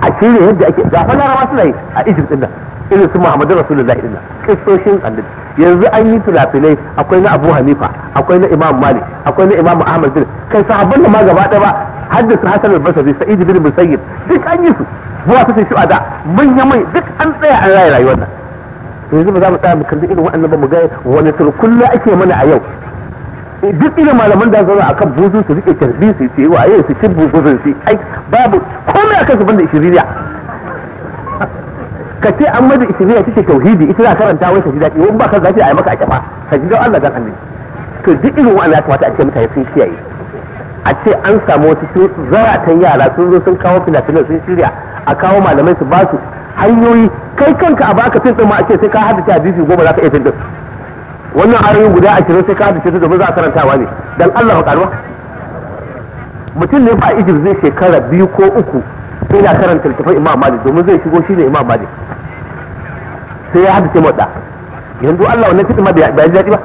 Speaker 1: a cire yadda ake ga fa larabawa suna yi a Egypt din nan irin su Muhammadu Rasulullahi din nan kissoshin annabi yanzu an yi tunafilai akwai na Abu Hanifa akwai na Imam Malik akwai na Imam Ahmad bin kai sahabban da ma gaba ɗaya ba haddasa Hassan al-Basri Sa'id bin Musayyib duk an yi su zuwa su shu'ada manya mai duk an tsaya an raye rayuwar nan yanzu ba za mu tsaya mu kalli irin wa'annan ba mu ga wani turkulla ake mana a yau eh, duk irin malaman da zauna akan buzun su rike karbi su ce wa ayi su ci buzun su ai babu komai akan su banda ishiriya ka ce an mada ishiriya take tauhidi ita za karanta wai sajida ce wani ba ka zafi a yi maka a kyafa sajida Allah zan annabi to duk irin wa'annan ya kamata a ce mutane sun kiyaye a ce an samu wasu zaratan yara sun zo sun kawo fina-finan sun shirya a kawo malamai su ba su hanyoyi kai kanka a baka fil din ma ake sai ka haddace hadisi goma za ka iya fil wannan ayoyin guda a cikin sai ka haddace su domin za a karantawa ne dan Allah karuwa mutum ne a Egypt zai shekara biyu ko uku sai ya karanta littafin Imam Malik domin zai shigo shi ne Imam Malik sai ya haddace motsa yanzu Allah wannan fitin ma bai daɗi ba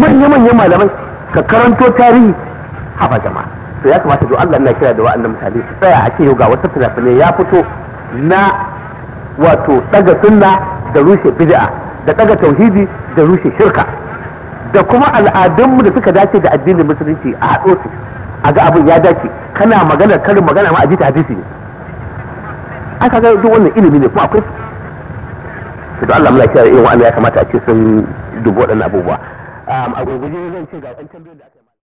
Speaker 1: manya manyan malamai ka karanto tarihi hafa jama'a to ya kamata don Allah na kira da wa'annan mutane su tsaya a ce yau ga wata fina ya fito na wato daga sunna da rushe bid'a da daga tauhidi da rushe shirka da kuma al'adunmu da suka dace da addinin musulunci a haɗo su a ga abin ya dace kana magana karin magana ma a ji ta hadisi ne aka ga duk wannan ilimi ne kuma akwai
Speaker 2: su da Allah mulaki da irin wa'anda ya kamata a ce sun dubo waɗannan abubuwa
Speaker 1: a gurguje zan ce ga wancan biyu da